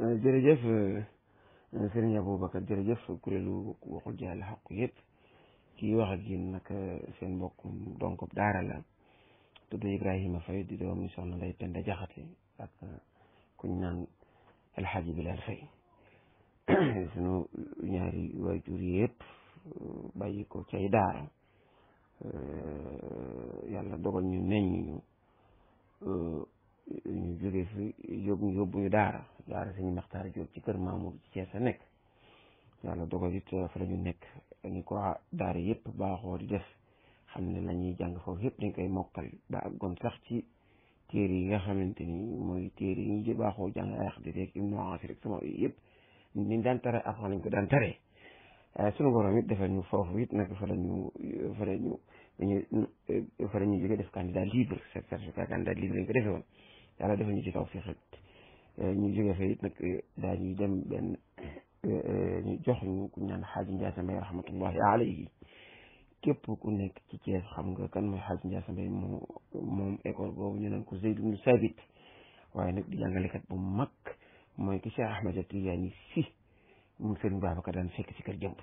Euh, jërëjëf euh, euh, sëriñ Aboubacar jërëjëf kuréelu ku jaal xaq yëpp kii wax ak yéen nag seen mbokkum donc daara la tudd Ibrahima Faye di doom ni soxna Ndeye Penda Jaxate ak kuñ naan El Hadji Bilal Faye sunu ñaari waajur yëpp bàyyi ko cay daara yàlla dogal ñu ñu jógee fi yóbbu yóbbu ñu daara daara suñu maxtaar jóg ci kër Mamour ci Cees a nekk yàlla dogal it fa la ñu nekk ni ko daara yëpp baaxoo di def xam ne la ñuy jàng foofu yëpp dañ koy mokkal ba ak gon sax ci téere yi nga xamante ni mooy téere yi ñu baaxoo jàng ay xadis rek im noansi yëpp niñ daan tare avant lañ ko daan taree eh, suñu borom ñu foofu it nag fa la ñu fa la ñu dañu fa la ñu jóge def candidat libre certificat candidat libre lañ ko defee woon yàlla defe ñu ci taw eh, ñu jógee fa it eh, eh, ñu jox ñu ku ñaan xaaji Ndiassé Mbaye rahmatullahi alayhi képp ku nekk ci Thiès xam nga kan mooy xaaji Ndiassé moom moom école boobu ñu naan ko Zayd ibn Sabit waaye nag di jàngalekat bu mag mooy ki Cheikh Ahmad Tidiane si mu Serigne Babacar daan fekk ci kër jëmb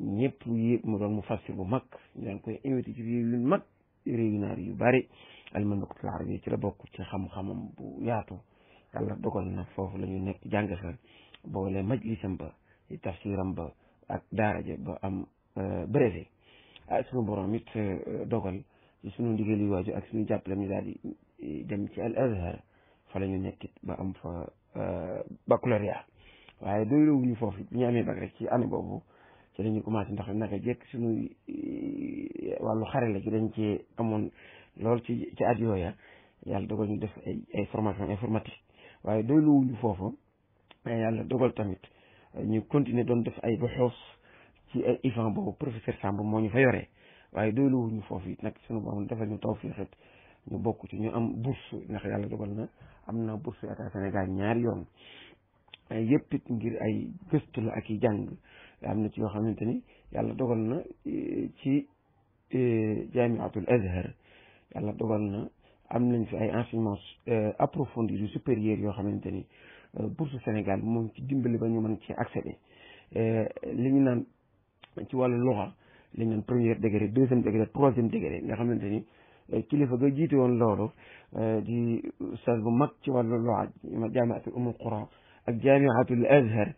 ñëpp yëpp mu doon mu fassir bu mag ñu daan koy invité ci mag réew yu yu bari alman waqtul arabi ci la bokk ci xam-xamam bu yaatu yàlla dogal na foofu la nekk jàng fa boole majlisam ba tafsiram ba ak daaraja ba am euh, brevet ak ah, sunu borom it euh, dogal ci sunu ndigali waaju ak sunu jàppalem ñu daal di dem ci al azhar fa la ñu nekkit ba am fa euh, baccalauréat waaye doyloowuñu foofu rek ci année boobu ci la ñu commencé ndax naka jekk suñu wàllu xare la ci amoon loolu ci ci at yàlla dogal ñu def ay ay formation informatique waaye doy luwuñu foofu yàlla dogal tamit euh, ñu continuer doon def ay boxoos ci ay euh, IFAN boobu professeur Samb moo ñu fa yore waaye doy luwuñu foofu yi nag suñu borom defal ñu taw fii xet ñu bokk ci ñu am bourse ndax yàlla dogal na am na bourse état Sénégal ñaari yoon yëpp it ngir ay gëstu la ak i jàng am na ci yoo xamante ni yàlla dogal na euh, ci jaamiatul azhar yàlla dogal na am nañ fi ay enseignements euh, approfondis yu supérieurs yoo xamante ni euh, bourse Sénégal moom ci dimbali ba ñu man ci accéder euh, li ñu naan ci wàllu loxa li ñu naan premier degré deuxième degré troisième degré nga xamante ni kilifa ga jiite woon loolu di sas bu mag ci wàllu loxa jaamiatul umul qura ak jaamiatul azhar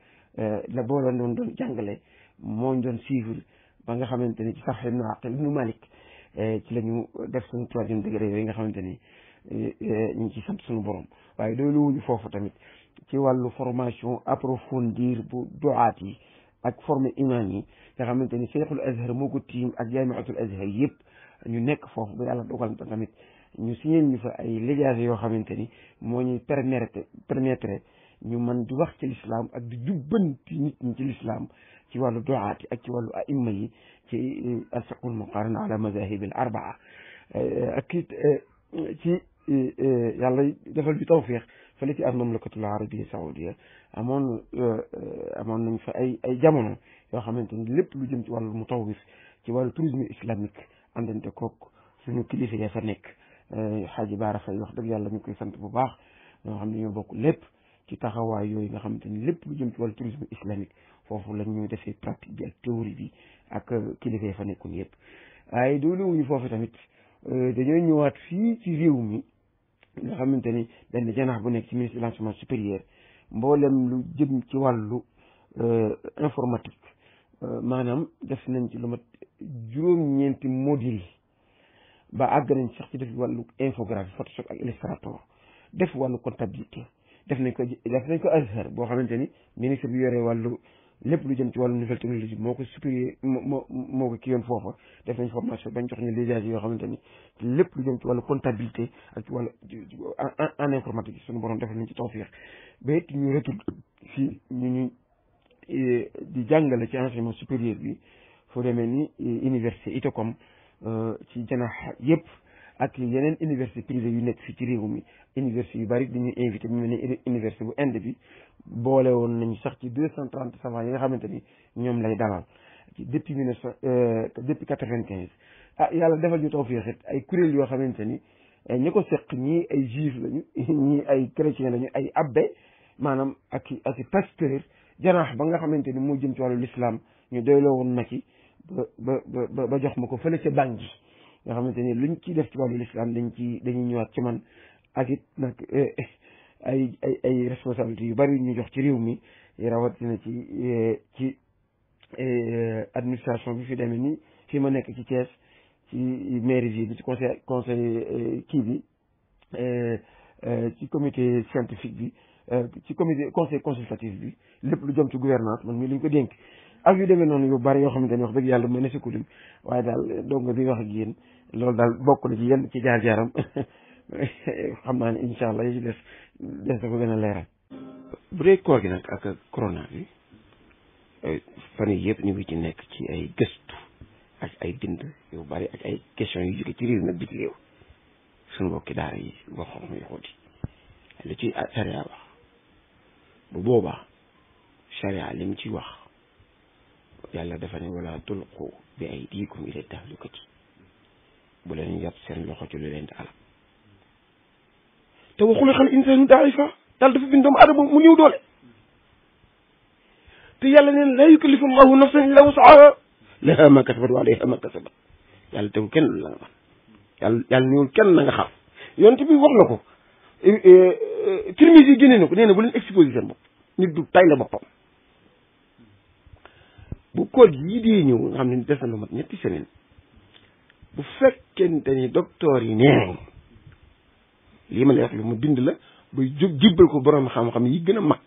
la boola doon doon jàngale moo doon suivre ba nga xamante ni ci sax ibnu aqil ibnu malik Eh, ci la ñu def suñu troisième degré yooyu nga xamante ni eh, eh, ñu ci sant suñu borom waaye loolu wuñu foofu tamit ci wàllu formation approfondir bu duaat yi ak former imam yi nga xamante ni cheikhul azhar moo ko tiim ak jaamiatul azhar yëpp ñu nekk foofu ba yàlla dogal tamit ñu signé ñu fa ay lijaase yoo xamante ni moo ñuy permettre permettre ñu man di wax ci lislaam ak di jubbanti nit ci lislaam ci wàllu duaati ak ci wàllu aimma yi ci euh, alfiqul muqaran ala mazahibil arbaa euh, ak it euh, ci yàlla defal bi tawfiq fële ci al mamlakatul arabia saoudia amoon amoon nañ fa ay ay jamono yoo xamante ni lépp lu jëm ci wàllu mutawif ci wàllu tourisme islamique àndante kook suñu kilifa ya fa nekk xaaji baara fay wax dëgg yàlla ñu sant bu baax ñoo xam ne ñoo bokk lépp ci taxawaay yooyu nga xamante ni lépp lu jëm ci wàllu tourisme islamique foofu la ñuy defee pratique bi ak théorie bi ak kilifa yi fa nekkoon yëpp waaye doolu wuñu foofu tamit euh, dañooy ñëwaat fii ci réew mi nga xamante ni benn janax bu nekk ci ministre de l'enseignement supérieur mboolem lu jëm ci wàllu euh, informatique euh, maanaam def nañ ci lu mat juróom-ñeenti module ba àgg nañ sax ci def wàllu infographie photoshop ak illustrator def wàllu comptabilité def nañ ko def boo xamante ni ministre bi yore wàllu lépp lu jëm ci wàllu nouvelle technologie moo ko supérieur moo moo ko kii yoon foofa def nañ formation bañ jox ñu lijages yoo xamante ni lépp lu jëm ci wàllu comptabilité ak ci wàllu en informatique suñu borom def nañ ci tawfiix ba it ñu retour fii ñu ñu e, di jàngale ci enseignement supérieur bi foo demee ni e, université itocom euh, ci janax yëpp ak yeneen université privée yu nekk fii ci réew mi université yu bari dañuy invité ñu ne université bu Inde bi boole woon nañu sax ci deux cent trente savants yi nga xamante ni ñoom lay dalal ci depuis mille neuf cent euh, depuis quatre vingt quinze ah yàlla defal ñu tawfeex it ay kuréel yoo xamante ni ñi ko seq ñii ay juif lañu ñii ay chrétien lañu ay abbé maanaam ak i ak i pasteur janaax ba nga xamante ni moo jëm ci wàllu lislaam ñu doyloo woon na ci ba ba ba jox ma ko fële bànk Bangui nga xamante ni luñ ciy def ci wàllu lislaam dañ ci dañuy ñëwaat ci man ak it nag eh, ay ay ay responsabilités yu bari ñu jox ci réew mi rawatina ci eh, ci eh, administration bi fi demee ni fi ma nekk ci Thiès ci mairie bi bi ci conseil conseil kii bi ci comité scientifique bi ci comité conseil consultatif bi lépp lu jëm ci gouvernance man mii lañ ko dénk ak yu demee noonu yu bari yoo xam ne wax dëgg yàlla mën na si kulim waaye daal dong nga bi wax ak yéen loolu daal bokk na ci yenn ci jaar-jaaram xam naa ne incha allah yi ci des na ko gën a leeral. bu dee koor gi nag ak corona bi fan yii yëpp ñu ngi ci nekk ci ay gëstu ak ay bind yu bari ak ay question yu jóge ci réew mi bitim réew suñu mbokki daal yi boo xam ne xóoti li ci charia wax bu boobaa charia lim ci wax yàlla dafa ne wala tulqu bi aydikum ila tahlukati bu leen yàpp seen loxo ci lu leen di alal te waxule xal insaanu daifa daal dafa bind doomu adama mu ñëw doole te yàlla neen laa yukallifu allahu nafsan illa wasaha laha ma kasabat wa alayha ma kasabat yàlla tegu kenn lu la nga man yàlla yàlla kenn la nga xam yonent bi wax na ko eh, eh, eh, Tirmisi yi génne na ko nee na bu leen exposé seen bopp nit du tay la boppam bu koor yii dee ñëw nga xam ne des na lu mat ñetti semaine bu fekkente ni docteur yi nee lii ma lay lu ma dind la buy jub jibbal ko borom xam-xam yi gën a mag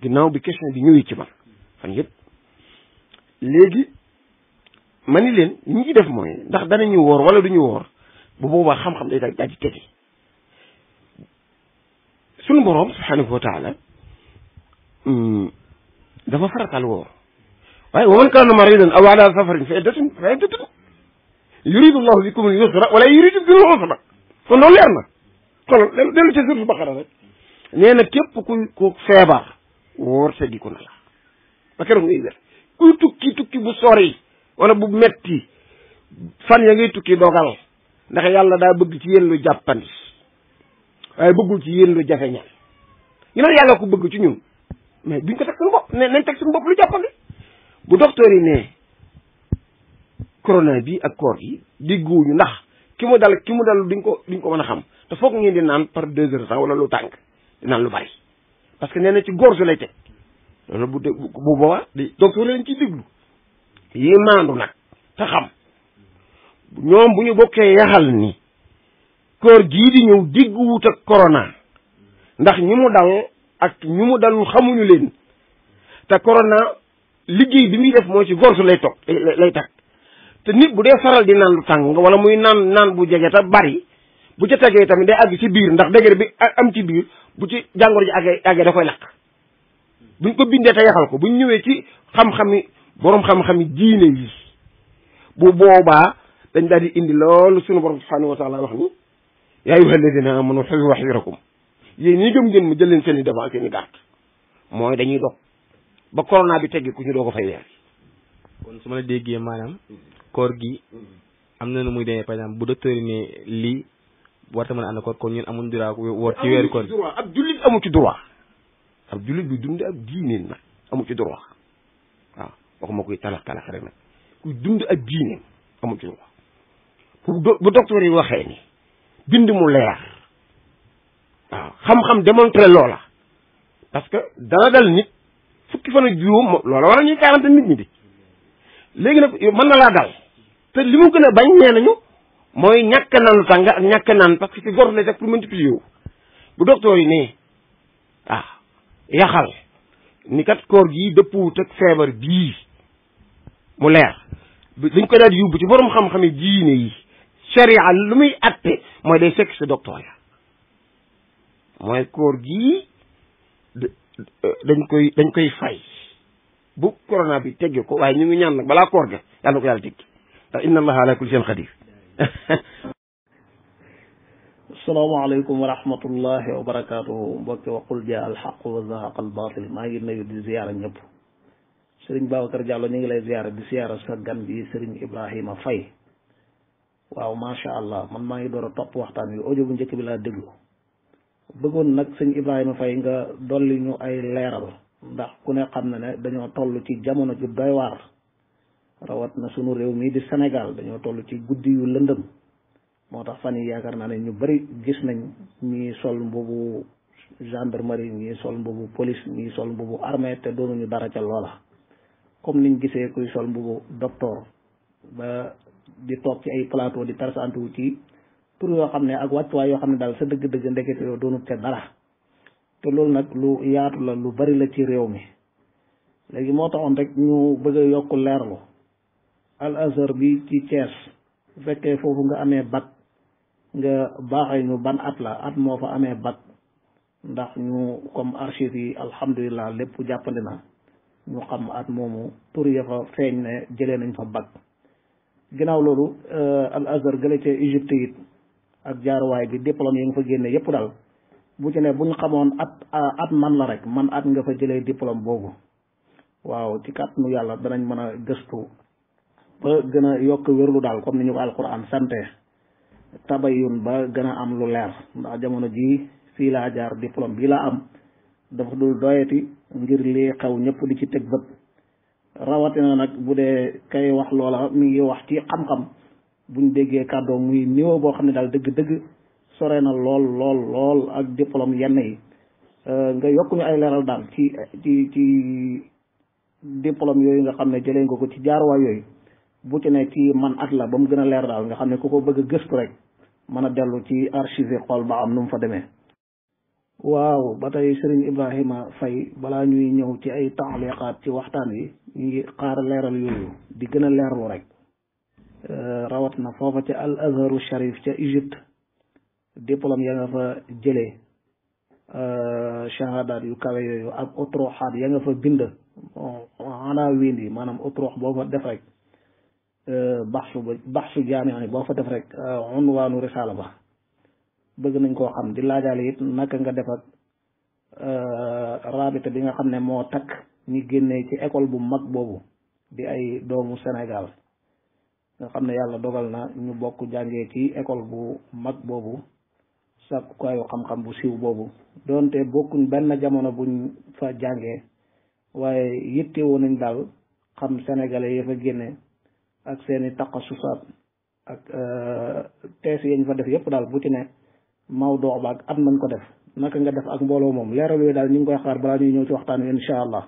ginnaaw bi question bi ñëwee ci man fan yëpp léegi ma ni leen ñu ngi def mooy ndax danañu woor wala duñu woor bu booba xam-xam day daal di hmm, dafa faratal woor waaye wa man kaana maridan aw ala safarin fa iddatun fa iddatun yuridu llahu bikum al-yusra wala yuridu bikum al kon loolu leer na kon dellu ci suuratu Baqara rek nee na képp ku ku feebar wóor sa diku na la ba keroog ngay wér tukki tukki bu sori wala bu metti fan ya ngay tukki dogal ndax yàlla daa bëgg ci yéen lu jàppandi waaye bëggul ci yéen lu jafe ñaan ginnaaw yàlla ko bëgg ci ñun mais duñ ko teg suñu bopp lu jàppandi bu docteur yi ne corona bi ak koor yi ndax ki mu dal ki mu dal duñ ko duñ ko mën a xam te foog ngeen di naan par deux heures temps wala lu tàng di naan lu bari parce que nee na ci góor su lay teg loolu bu bu boobaa di docteur leen ciy déglu yi maandu nag ñoom bu ñu bokkee ni koor gii di ñëw ak ndax ñi mu dal ak ñu mu xamuñu leen te corona liggéey bi muy def mooy ci góor lay toog lay tag te nit bu dee faral di naan lu tàng wala muy naan naan bu jege te bari bu ca tegee tamit day àgg ci biir ndax dëgër bi am ci biir bu ci jàngoor ji àggee àggee da koy lakk buñ ko bindee te yaxal ko buñ ñëwee ci xam-xami boroom xam yi diine yi bu boobaa dañ daal di indi loolu suñu borom subhanahu wa taala wax ni yaa ayyuha alladina amanu xu waxirakum yéen ñi gëm ngeen mu jël leen seen i devant ak seen i garde mooy dañuy dog ba corona bi teggi doo ko fay kon ma la koor gi mm-hmm. am na nu muy demee par exemple bu docteur yi ne lii ma mën a ànd koor kon ñun amuñ droit woor ci weeru koor ab jullit amu ci droit ab jullit bi dund ak diineen nag amu ci waxuma koy talax talax rek nag kuy dund ak diineen amu ci droit bu docteur yi waxee ni bind mu leer waaw xam-xam démontré loola parce que dana dal nit fukki fan juróom loola war a ñuy quarante nit ñi di léegi nag mën na laa dal te li mu gën a bañ nee nañu mooy ñàkk naan tàng ak ñàkk naan parce que ci góor lay def pour multiplier wu bu docteur yi ne ah yaxal ni kat koor gii dëppuwut ak feebar bii mu leer dañ ko daal di yóbbu ci borom xam-xame diine yi sharia lu muy atte mooy day fekk si docteur ya mooy koor gi dañ koy dañ koy fay bu corona bi tegge ko waaye ñu ngi ñaan nag balaa koor ga yàlla ko yàlla tegg inna allaha ala kulli shayin qadir asalaamaaleykum wa rahmatullahi wa barakaatuhu mbokki waqul jaa alxaq wa zahaqa albaatil maa ngi nuyu di ziyaara ñëpp sëriñ Babacar Diallo ñu ngi lay ziyaara di ziyaara sa gan bi sëriñ Ibrahima Faye waaw macha allah man maa ngi door a topp waxtaan wi audio bu njëkk bi laa déglu bëggoon nag sëñ Ibrahima Faye nga dolli ñu ay leeral ndax ku ne xam na ne dañoo toll ci jamono ju doy waar rawat na sunu réew mii di Sénégal dañoo toll ci guddi yu lëndëm moo tax fan yi yaakaar naa ne ñu bari gis nañ ñii sol mbubu gendarmerie ñii sol mbubu police ñii sol mbubu armée te doonuñu dara ca loola comme niñ gisee kuy sol mbubu docteur ba di toog ci ay plateau di présenté wu ci pour yoo xam ne ak wàccuwaay yoo xam ne daal sa dëgg-dëgg ndekete yoo doonut ca dara te loolu nag lu yaatu la lu bari la ci réew mi léegi moo tax taxoon rek ñu bëgg a yokk leerlu al azhar bi ci Thiès bu fekkee foofu nga amee bac nga baaxee ñu ban at la at moo fa amee bac ndax ñu comme archives yi alhamdulilah lépp jàppandi na ñu xam at moomu tur ya fa feeñ ne jëlee nañ fa bag ginnaaw loolu euh, al azhar gële ca Égypte ak jaaruwaay bi diplôme yi nga fa génne yépp daal bu ci ne xamoon at euh, at man la rek man at nga fa jëlee diplôme boobu waaw ci kàttanu yàlla danañ mën a gëstu ba gën a yokk wérlu daal comme ni ñu ko alquran sante tabayun ba gën a am lu leer ndax jamono jii fii laa jaar diplôme bii laa am dafa dul doyati ngir lii xew ñëpp di ci teg bët rawatina nag bu dee kay wax loola mi ngi wax ci xam-xam buñ déggee kàddoo muy niveau boo xam ne daal dëgg-dëgg sore na lool lool ak diplôme yenn yi euh, nga yokk ñu ay leeral daal ci ci ci diplôme yooyu nga xam ne jëlee nga ko ci jaaruwaay yooyu bu ci ne ci man at la ba mu gën a leer daal nga xam ne ku ko bëgg a gëstu rek mën a dellu ci archive xool ba am nu mu fa demee waaw ba tey Serigne Ibrahima Faye balaa ñuy ñëw ci ay taaliqaat ci waxtaan wi ñu ngi xaar leeral yooyu di gën a leerlu rek euh, rawat na foofa ca al azharu sharif ca Égypte diplôme ya nga fa jëlee euh, shahadaat yu kawe yooyu ak autroxaat ya nga fa bind xanaa wiin yi maanaam autrox boo fa def rek baxsu ba baxsu jaamia ni boo fa def rek euh, unwaanu risaala ba bëgg nañ koo xam di laajaale it naka nga def ak euh, rabita bi nga xam ne moo takk ñi génnee ci école bu mag boobu di ay doomu Sénégal nga xam ne yàlla dogal na ñu bokk jàngee ci école bu mag boobu sàkkukaayu xam-xam bu siiw boobu doonte bokkuñ benn jamono buñ fa jàngee waaye woo nañ daal xam sénégalais yi fa génne ak seeni taqasusaat ak euh, tees yañ fa def yépp daal bu ci ne mawdoo ba am nañ ko def naka nga def ak mbooloo moom leeral yooyu daal ñu ngi koy xaar balaa ñuy ñëw ci waxtaan wi incha allah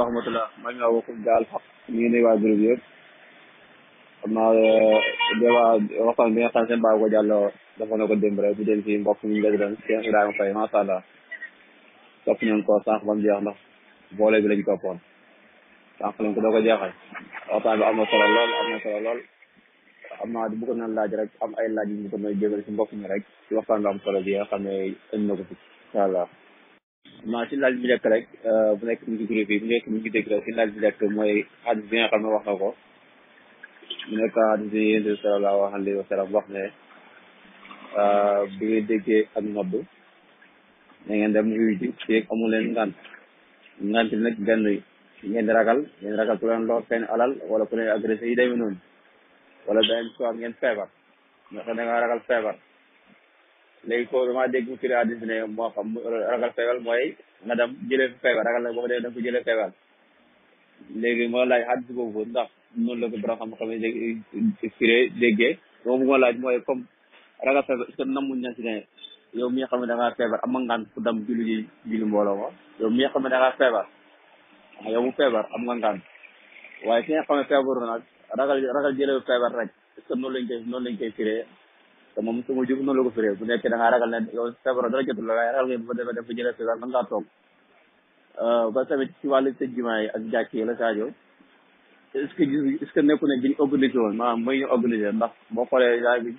rahmatullah maa ngi wax gaal ngi nuyu waa groupe yëpp xam naa euh, débat waxtaan bi nga xam seen baabu ko jàlloo dafa na ko démb rek bu jël si mbokk mi léegi doon Cheikh Ibrahima Faye macha allah topp nañ ko sànq ba jeex ndax boole bi lañ toppoon sànq lañ ko doo ko jeexal waxtaan bi am na solo lool am na solo lool xam naa bëggoon na laaj rek am ay laaj yu ñu ko may jégal si mbokk mi rek si waxtaan bi am solo bi nga xam ne ëñ na ko fi incha allah maa si bi nekk rek euh, bu nekk mu ngi groupe bi nekk mu ngi dégg rek laaj bi nekk mooy xadis bi nga wax na ko mu nekk xadis bi yéen sallallahu alayhi wa sallam wax ne euh, bi ak nodd na ngeen dem yuy ji fii amul leen ngant ngant bi nag ngeen di ragal ngeen ragal ku leen alal wala ku leen agressé yi demee noonu wala beneen soit ngeen feebar nga xam da ngaa ragal feebar léegi ko damaa dégg mu firi hadis feebar mooy nga dem jëlee feebar ragal boo ko dee jëlee feebar léegi moo laaj hadis boobu ndax noonu la ko xam-xam yi firee déggee boobu moo laaj mooy comme ragal feebar est-ce que namuñ na si ne yow mi nga xam ne da ngaa feebar am nga ngaan ku dem julli ji mbooloo ma yow mi nga xam feebar yow mu feebar am nga ngaan waaye ki nga xam ne feebaru nag ragal ragal jëlewu feebar rek est ce que noonu lañ koy noonu lañ koy firee te moom sama jub noonu la ko firee bu nekkee da ngaa ragal ne yow feebar dara jotul la waaye jëlee feebar man ngaa toog euh, ba tamit ci wàllu tëj jumaa yi ak jàkk yi la Sadio est ce que gis est ce que nekku ne bi ñu organisé woon maanaam mooy ñu organisé ndax boo xoolee daa bi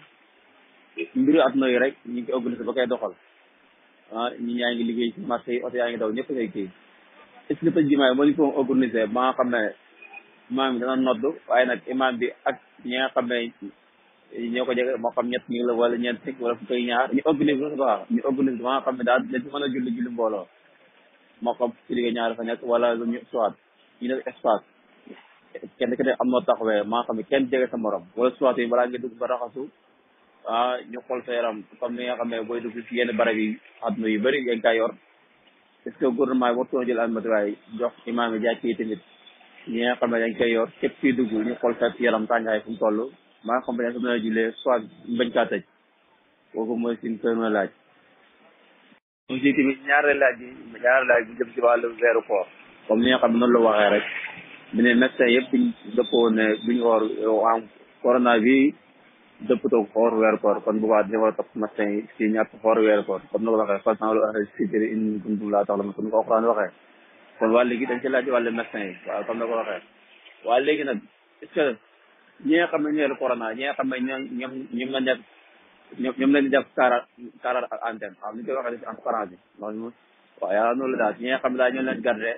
mbiru at yi rek ñu ngi koy organisé ba kay doxal ah ñi ñaa ngi liggéey ci marché yi oto yaa ngi daw ñëpp ngay kii split jimaay ba ñu ko organisé ba nga xam ne imaam bi dana nodd waaye nag imaam bi ak ñi nga xam ne ñoo ko jege moo xam ñett ñu ngi la wala ñeent fukk wala fukk ñu organisé ko waaw ñu organisé nga xam ne daal dañ mën a julli julli mbooloo moo xam ci liggéey ñaar fa nekk wala ñu soit ñu def espace kenn ku ne am noo taxawee maa xam ne kenn jege sa morom wala soit yi balaa nga dugg ba raxasu ah ñu xool sa yaram comme ni nga xam ne booy dugg ci yenn barab yi àdduna yu bëri yaa ngi est-ce que gouvernement warutoo jël almatuwaay jox imaam yi jàkk yi tamit ñi nga xam ne dañ koy yor képp ñu xool sa yaram tàngaay fu mu toll maa nga xam ne dañ fa mën a jullee soit bañ kaa tëj kooku mooy suñ premier laaj aussi tamit ñaareel laaj bi ñaareel laaj bi ne noonu mu yëpp dëppoo ne buñu woor am bi dëpp toog xoor weer koor kon bu baax dina war a topp matin yi si ñàkk xoor weer koor comme na ko waxee faltan lu ahli sitri in kuntum laa ci laaj wàllu médecin yi waaw comme na ko waxee waa léegi nag est-ce que ñi nga xam ne ñooy corona ñi nga xam ne ñoom ñoom ñoom la nekk ñoom ñoom lañu def kaara kaara ak antenne waaw ni ñu koy waxee ci en français loolu waaw yàlla noonu la daal ñi nga xam ne daal ñoo leen gardé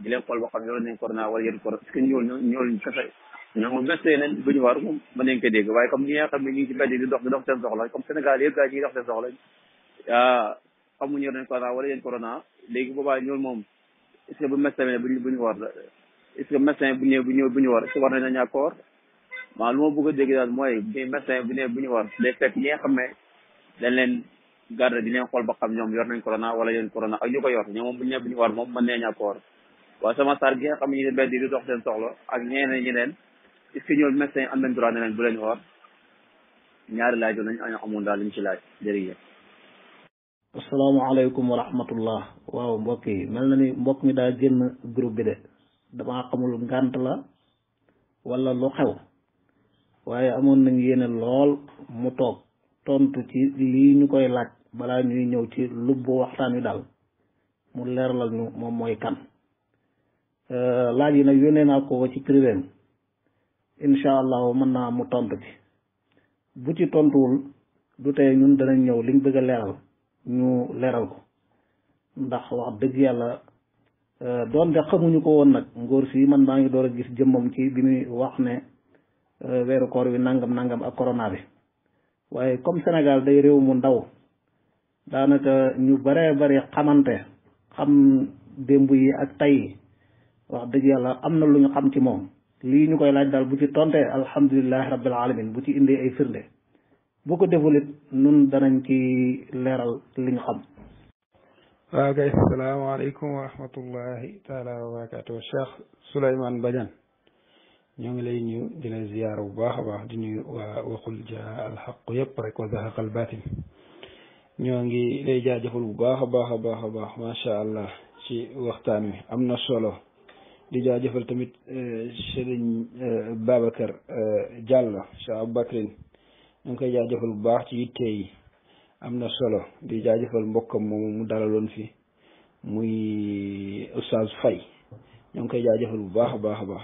di leen xool boo xam ne yor nañ corona wala ñoom moom nañ leen bu ñu war moom mën nañ ko dégg xam ne ñu ngi ci mbedd di dox di dox seen soxla comme Sénégal yëpp gaa yi ñi ngi ah, moom est ce que bu médecin bu ñu war la est bu ñëw bu ñëw bu ñu war est ce que war nañ nañaa koor maa lu ma bëgg a mooy bi ne bu ñu war day fekk xam ne dañ leen garde di leen xool ba xam ñoom yor nañ corona wala yéen corona ak ko yor ñu ne bu ñu war moom mën nañaa koor waaye sama sar gi nga xam ne ñu ne mbedd di dox seen soxla ak ñeneen ñi leen est-ce que ñoom médecin am nañ droit ne leen bu leen woor ñaari laaj nañ amoon daal liñ ci laaj jërëjëf. asalaamaaleykum wa waaw mbokk yi mel na mbokk mi daa génn groupe bi de damaa xamul ngànt la wala lu xew waaye amoon nañ yéene lool mu toog tontu ci lii ñu koy laaj balaa ñuy ñëw ci lubbu waxtaan wi daal mu leerlal ñu moom mooy kan euh, laaj yi nag yónnee naa ko ci privé incha allah mën naa mu tontu ci bu ci tontuwul du tey ñun danañ ñëw liñ bëgg a leeral ñu leeral ko ndax wax dëgg yàlla euh, doon de xamuñu ko woon nag ngóor si man maa ngi door a gis jëmmam ci bi muy wax ne euh, weeru koor wi nangam nangam ak corona bi waaye comme Sénégal day réew mu ndaw daanaka ñu bare bare xamante xam démb yi ak tey wax dëgg yàlla am na lu ñu xam ci moom lii ñu koy laaj daal bu ci tontee alhamdulilahi rabbil alamin bu ci indee ay firnde bu ko defulit nun danañ ki leeral li ñu xam waaw kay salaamaaleykum wa rahmatullahi wa barakatuh Cheikh Souleymane Badiane ñoo ngi lay ñu di la ziyaar bu baax a baax di nuyu waa waxul jaa alxaqu yëpp wa zahaqal batil ñoo ngi lay bu baax a baax ci waxtaan wi am na solo di jaajëfal tamit eh, Serigne eh, Babacar eh, Diallo Cheikh Aboubacrin ñu ngi koy jaajëfal bu baax ci yitte yi am na solo di jaajëfal mbokkam moom mu dalaloon fi muy Oustaz Faye ñoo ngi koy jaajëfal bu baax a baax a baax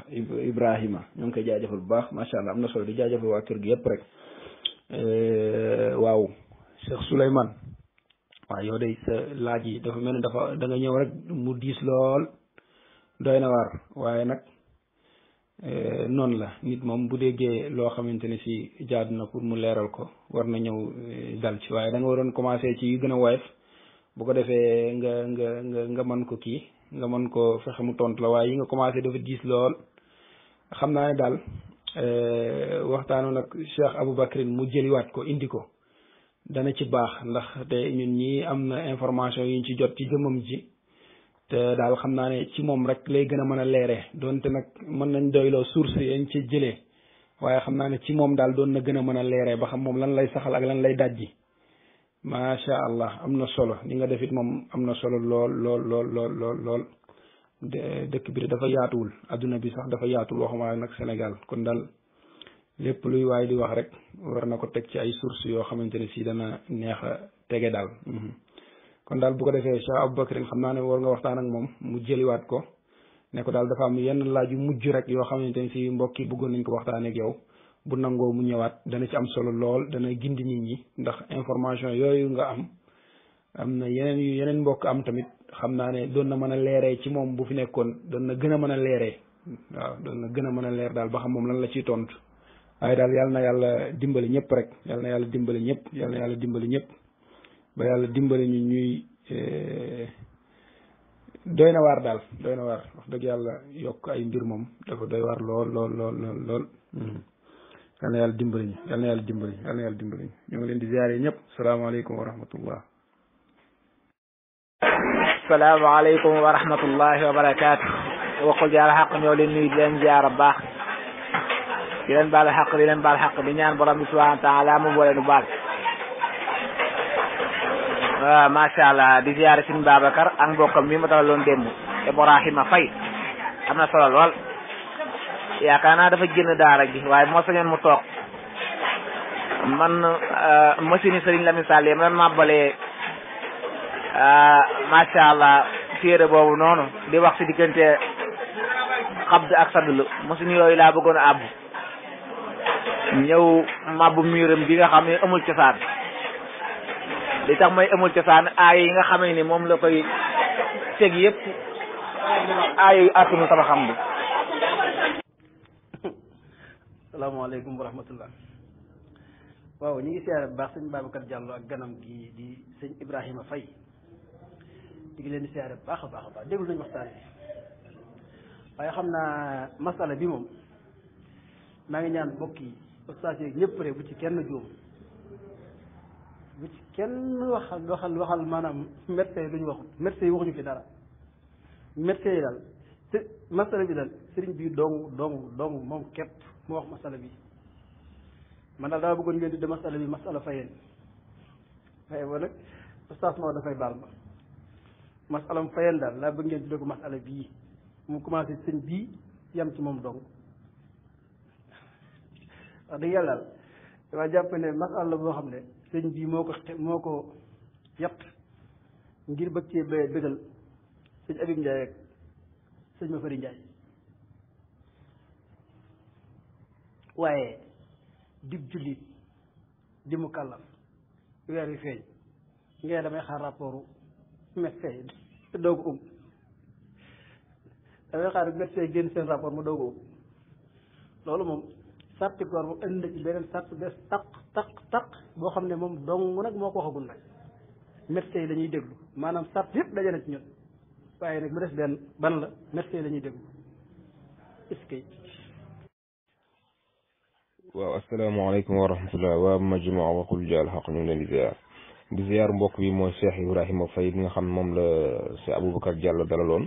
Ibrahima ñoo ngi koy jaajëfal bu baax macha allah am na solo di jaajëfal waa kër gi yëpp rek waaw Cheikh Souleymane waaw yow de laaj yi dafa mel ni dafa da nga ñëw rek mu diis lool. doy na waar waaye nag eh, noonu la nit moom bu déggee loo xamante ne si jaadu na pour mu leeral ko war na ñëw eh, dal ci waaye da nga waroon commencé ci yu gën a woyof bu ko defee nga nga nga nga mën ko kii nga mën ko fexe mu tontu la waaye yi nga commencé dafa diis lool xam naa ne daal eh, waxtaanu nag abu Aboubacrin mu jëliwaat ko indi ko dana ci baax ndax te ñun ñi am na information yi ñu ci jot ci jëmmam ji te daal xam naa ne ci moom rek lay gën a mën a leeree donte nag mën nañ doyloo source yañ ci jëlee waaye xam naa ne ci moom daal doon na gën a mën a leeree ba xam moom lan lay saxal ak lan lay dajji macha allah am na solo ni nga defit moom am na solo lool lool lool lool lool dëkk bi dafa yaatuwul adduna bi sax dafa yaatuwul waxuma nag Sénégal kon daal lépp luy waaye di wax rek war na ko teg ci ay source yoo xamante ne si dana neex a tege daal mhm. kon daal bu ko defee Cheikh Aboubacar xam naa ne war nga waxtaan ak moom mu jëliwaat ko ne daal dafa am yenn laaj yu mujj rek yoo xamante ne si mbokk yi bëggoon nañ ko waxtaanee ak yow bu nangoo mu ñëwaat dana ci am solo lool dana gindi nit ñi ndax information yooyu nga am am na yeneen yu yeneen mbokk am tamit xam naa ne doon na mën a leeree ci moom bu fi nekkoon doon na gën a mën a leeree waaw doon na gën a mën a leer daal ba xam moom lan la ciy tontu waaye daal yàlla na yàlla dimbali ñëpp rek yàlla yàlla dimbali ñëpp yàlla na yàlla dimbali ñëpp ba dimbali ñu ñuy eh, doy na waar daal doy na waar wax dëgg yàlla yokk ay mbir moom dafa doy waar lool lool lool lool lool. Hmm. na yàlla dimbali ñu yal na yàlla dimbali ñu ñu ñu ngi leen di ziare ñëpp salaamaaleykum wa rahmatullah. salaamaaleykum wa rahmatullahi wa barakaatu waxul jaal leen nuyu di leen jaar baax di baal xaq di ñaan borom bi subhanahu wa taala mu boole nu baal waaw macha allah di ziare suñu Babacar ak mbokkam mi ma dalaloon démb Ibrahima Faye am na solo lool yaakaar naa dafa génn daara ji waaye moo sañoon mu toog man euh, machine Serigne Lamine Sall yi ma doon màbbalee euh, macha allah téere boobu noonu di wax si diggante xabd ak sadlu machine yooyu laa bëggoon a àbb ñëw màbbu muram bi nga xam ne amul cosaan li tax may amul cosaan aaya yi nga xamee ni moom la koy teg yëpp aaya yu àttunu sama bi salaamaaleykum wa rahmatullah waaw ñu ngi siyaare bu baax sëñ Babacar Diallo ak ganam gi di sëñ Ibrahima fay di ngi leen di bu baax a baax a baax déglu nañu waxtaan waaye xam naa masala bi moom maa ngi ñaan mbokk yi ustaas yi rek bu ci kenn juum kenn waxal waxal waxal maanaam médecin yi lu ñu waxut médecin yi waxuñu fi dara médecin yi daal masala bi daal sëriñ bii dong dong dong moom képp mu wax masala bi man daal daa bëggoon ngeen di masala bi masala fa yéen waaye boo nag ustaas daal laa bëgg ngeen di ko masala bii mu commencé sëñ bii yam ci moom dong wax dëgg yàlla daal dama jàpp ne masala boo xam ne sëñ bi moo ko moo ko yàq ngir bëgg cee bé Abib Ndiaye rek sëñ ma fari Ndiaye waaye dib jullit di mu kàllaf weer wi feeñ ngay damay xaar rapportu médecin doo ko um damay xaar médecin génn seen rapport mu doo ko um loolu moom sarti koor mu ënd ci beneen sart bes taq taq-taq boo xam ne moom dong nag moo ko waxagul nag médecins yi la ñuy déglu maanaam sart yëpp daje ci ñun waaye nag mu des benn ban la médecins yi la ñuy déglu est-ce que waaw asalaamaaleykum waa majmuwa waqul jaal xaq ñu leen mbokk bi mooy Cheikh Ibrahima Faye bi nga xam moom la si Aboubacar Diallo dalaloon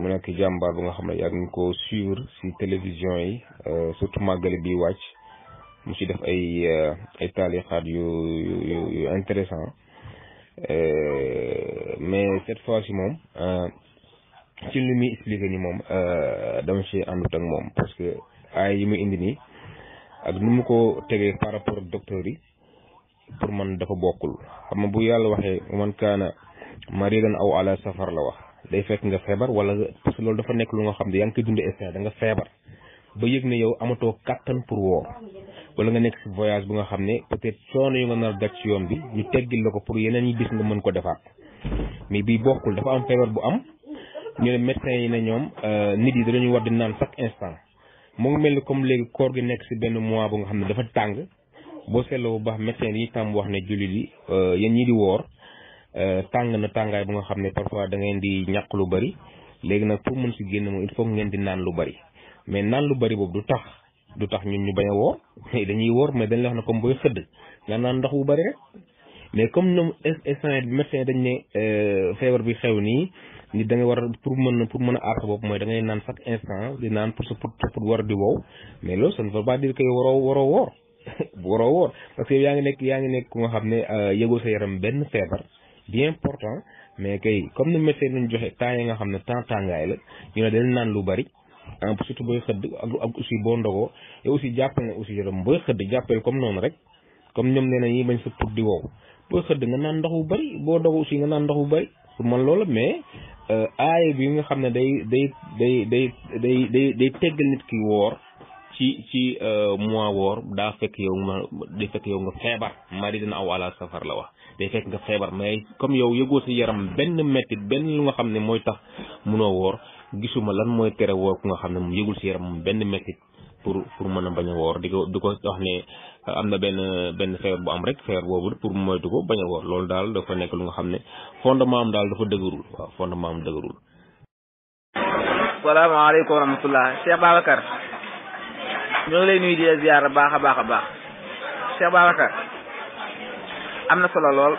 mu nekk jàmbaar bu nga xam ne yàgg ñu ko suivre si télévision yi euh, surtout màggali bi wàcc mu ci def ay euh, ay taalixaat yu yu yu intéressant euh, mais cette fois ci moom euh, ci li muy expliqué ni moom dama ci àndut ak moom parce que ay yi mu indi nii ak nu mu ko tegee par rapport ak docteur yi pour man dafa bokkul xam nga bu yàlla waxee man kaana maridan aw ala safar la wax day fekk nga feebar wala parce que loolu dafa nekk lu nga xam ne yaa ngi koy dund instant da nga feebar ba yëg ne yow amatoo kàttan pour woor wala nga nekk si voyage bu nga xam ne peut-être coono yu nga nar daj ci yoon bi ñu teggil la ko pour yeneen yi bis nga mën ko defaat mais bii bokkul dafa am feebar bu am ñu ne médecin yi ne ñoom euh, nit yi dañu war di naan chaque instant mu ngi mel ni comme léegi koor gi nekk si benn mois bu nga xam ne dafa tàng boo seetloo bu baax médecin yi tàmm wax ne jullit yi euh, yéen ñii di woor euh, tàng na tàngaay bu nga xam ne parfois da ngeen di ñàkk lu bari léegi nag pour mën si génn moom il di naan lu bari mais naan lu bari boobu du tax. lu tax ñun ñu bañ a woor dañuy woor mais dañ la wax ne comme booy xëdd nga naan ndox bu bari rek mais comme ñoom instant bi médecin dañ ne euh, feebar bi xew nii ni da nga war a pour mën pour mën a aar sa mooy da ngay naan chaque instant di naan pour sa pour war di wow mais loolu ça ne veut pas dire que waroo waroo woor waroo woor parce que yaa ngi nekk yaa ngi nekk ku nga xam ne euh, yëgoo sa yaram benn feebar bien important mais comme ni médecin dañ joxe temps yi nga xam ne temps tàngaay la ñu ne dañ naan lu bari ah surtout booy xëdd ak ak aussi boo ndogoo yow aussi jàppal ne aussi yaram booy xëdd jàppal comme noonu rek comme ñoom nee na ñi bañ sa pour di wow booy xëdd nga naan ndox bu bëri boo ndogoo aussi nga naan ndox bu bëri pour man loolu mais euh, aaya bi nga xam ne day day day day day day day teggal nit ki woor ci ci euh, mois woor daa fekk yow nga day fekk yow nga feebar mari dana aw ala safar la wax day fekk nga feebar mais comme yow yëgoo sa yaram benn mettit benn lu nga xam ne mooy tax munoo woor gisuma lan mooy tere woor ku nga xam ne mu yëgul si yaramam benn mettit pour pour mën a bañ a woor di ko di ko wax ne am na benn benn feebar bu am rek feebar boobu pour moytu ko bañ a woor loolu daal dafa nekk lu nga xam ne fondement am daal dafa dëgërul waaw fondement am dëgërul. salaamaaleykum wa rahmatulah Cheikh Babacar. ñoo baax a baax a baax. Cheikh Babacar. am na solo lool.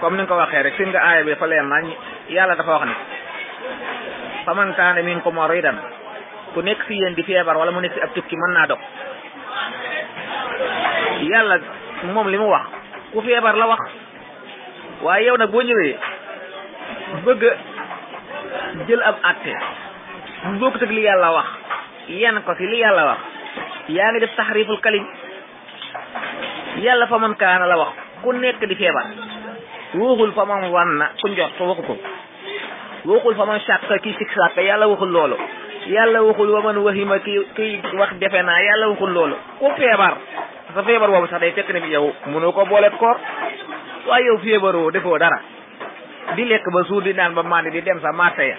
comme ni nga ko waxee rek fi nga aaya bi fa leer naa yàlla dafa wax ne. faman kaana minkum maridan ku nekk fi yéen di feebar wala mu nekk fi ab tukki mën naa dog yàlla moom li mu wax ku feebar la wax waaye yow nag boo ñëwee bëgg jël ab àtte bu bokkut li yàlla wax yenn ko ci li yàlla wax yaa ngi def taxriiful kalim yàlla fa man kaana la wax ku nekk di feebar waxul fa man wan ku njort waxu ko waxul fa man sàq kii sik sàq yàlla waxul loolu yàlla waxul wa man waxima ki kii wax defe naa yàlla waxul loolu ku feebar sa feebar boobu sax day fekk ne fi yow mënoo ko booleet koor waaye yow feebaroo defoo dara di lekk ba suur di naan ba mandi di dem sa marché ya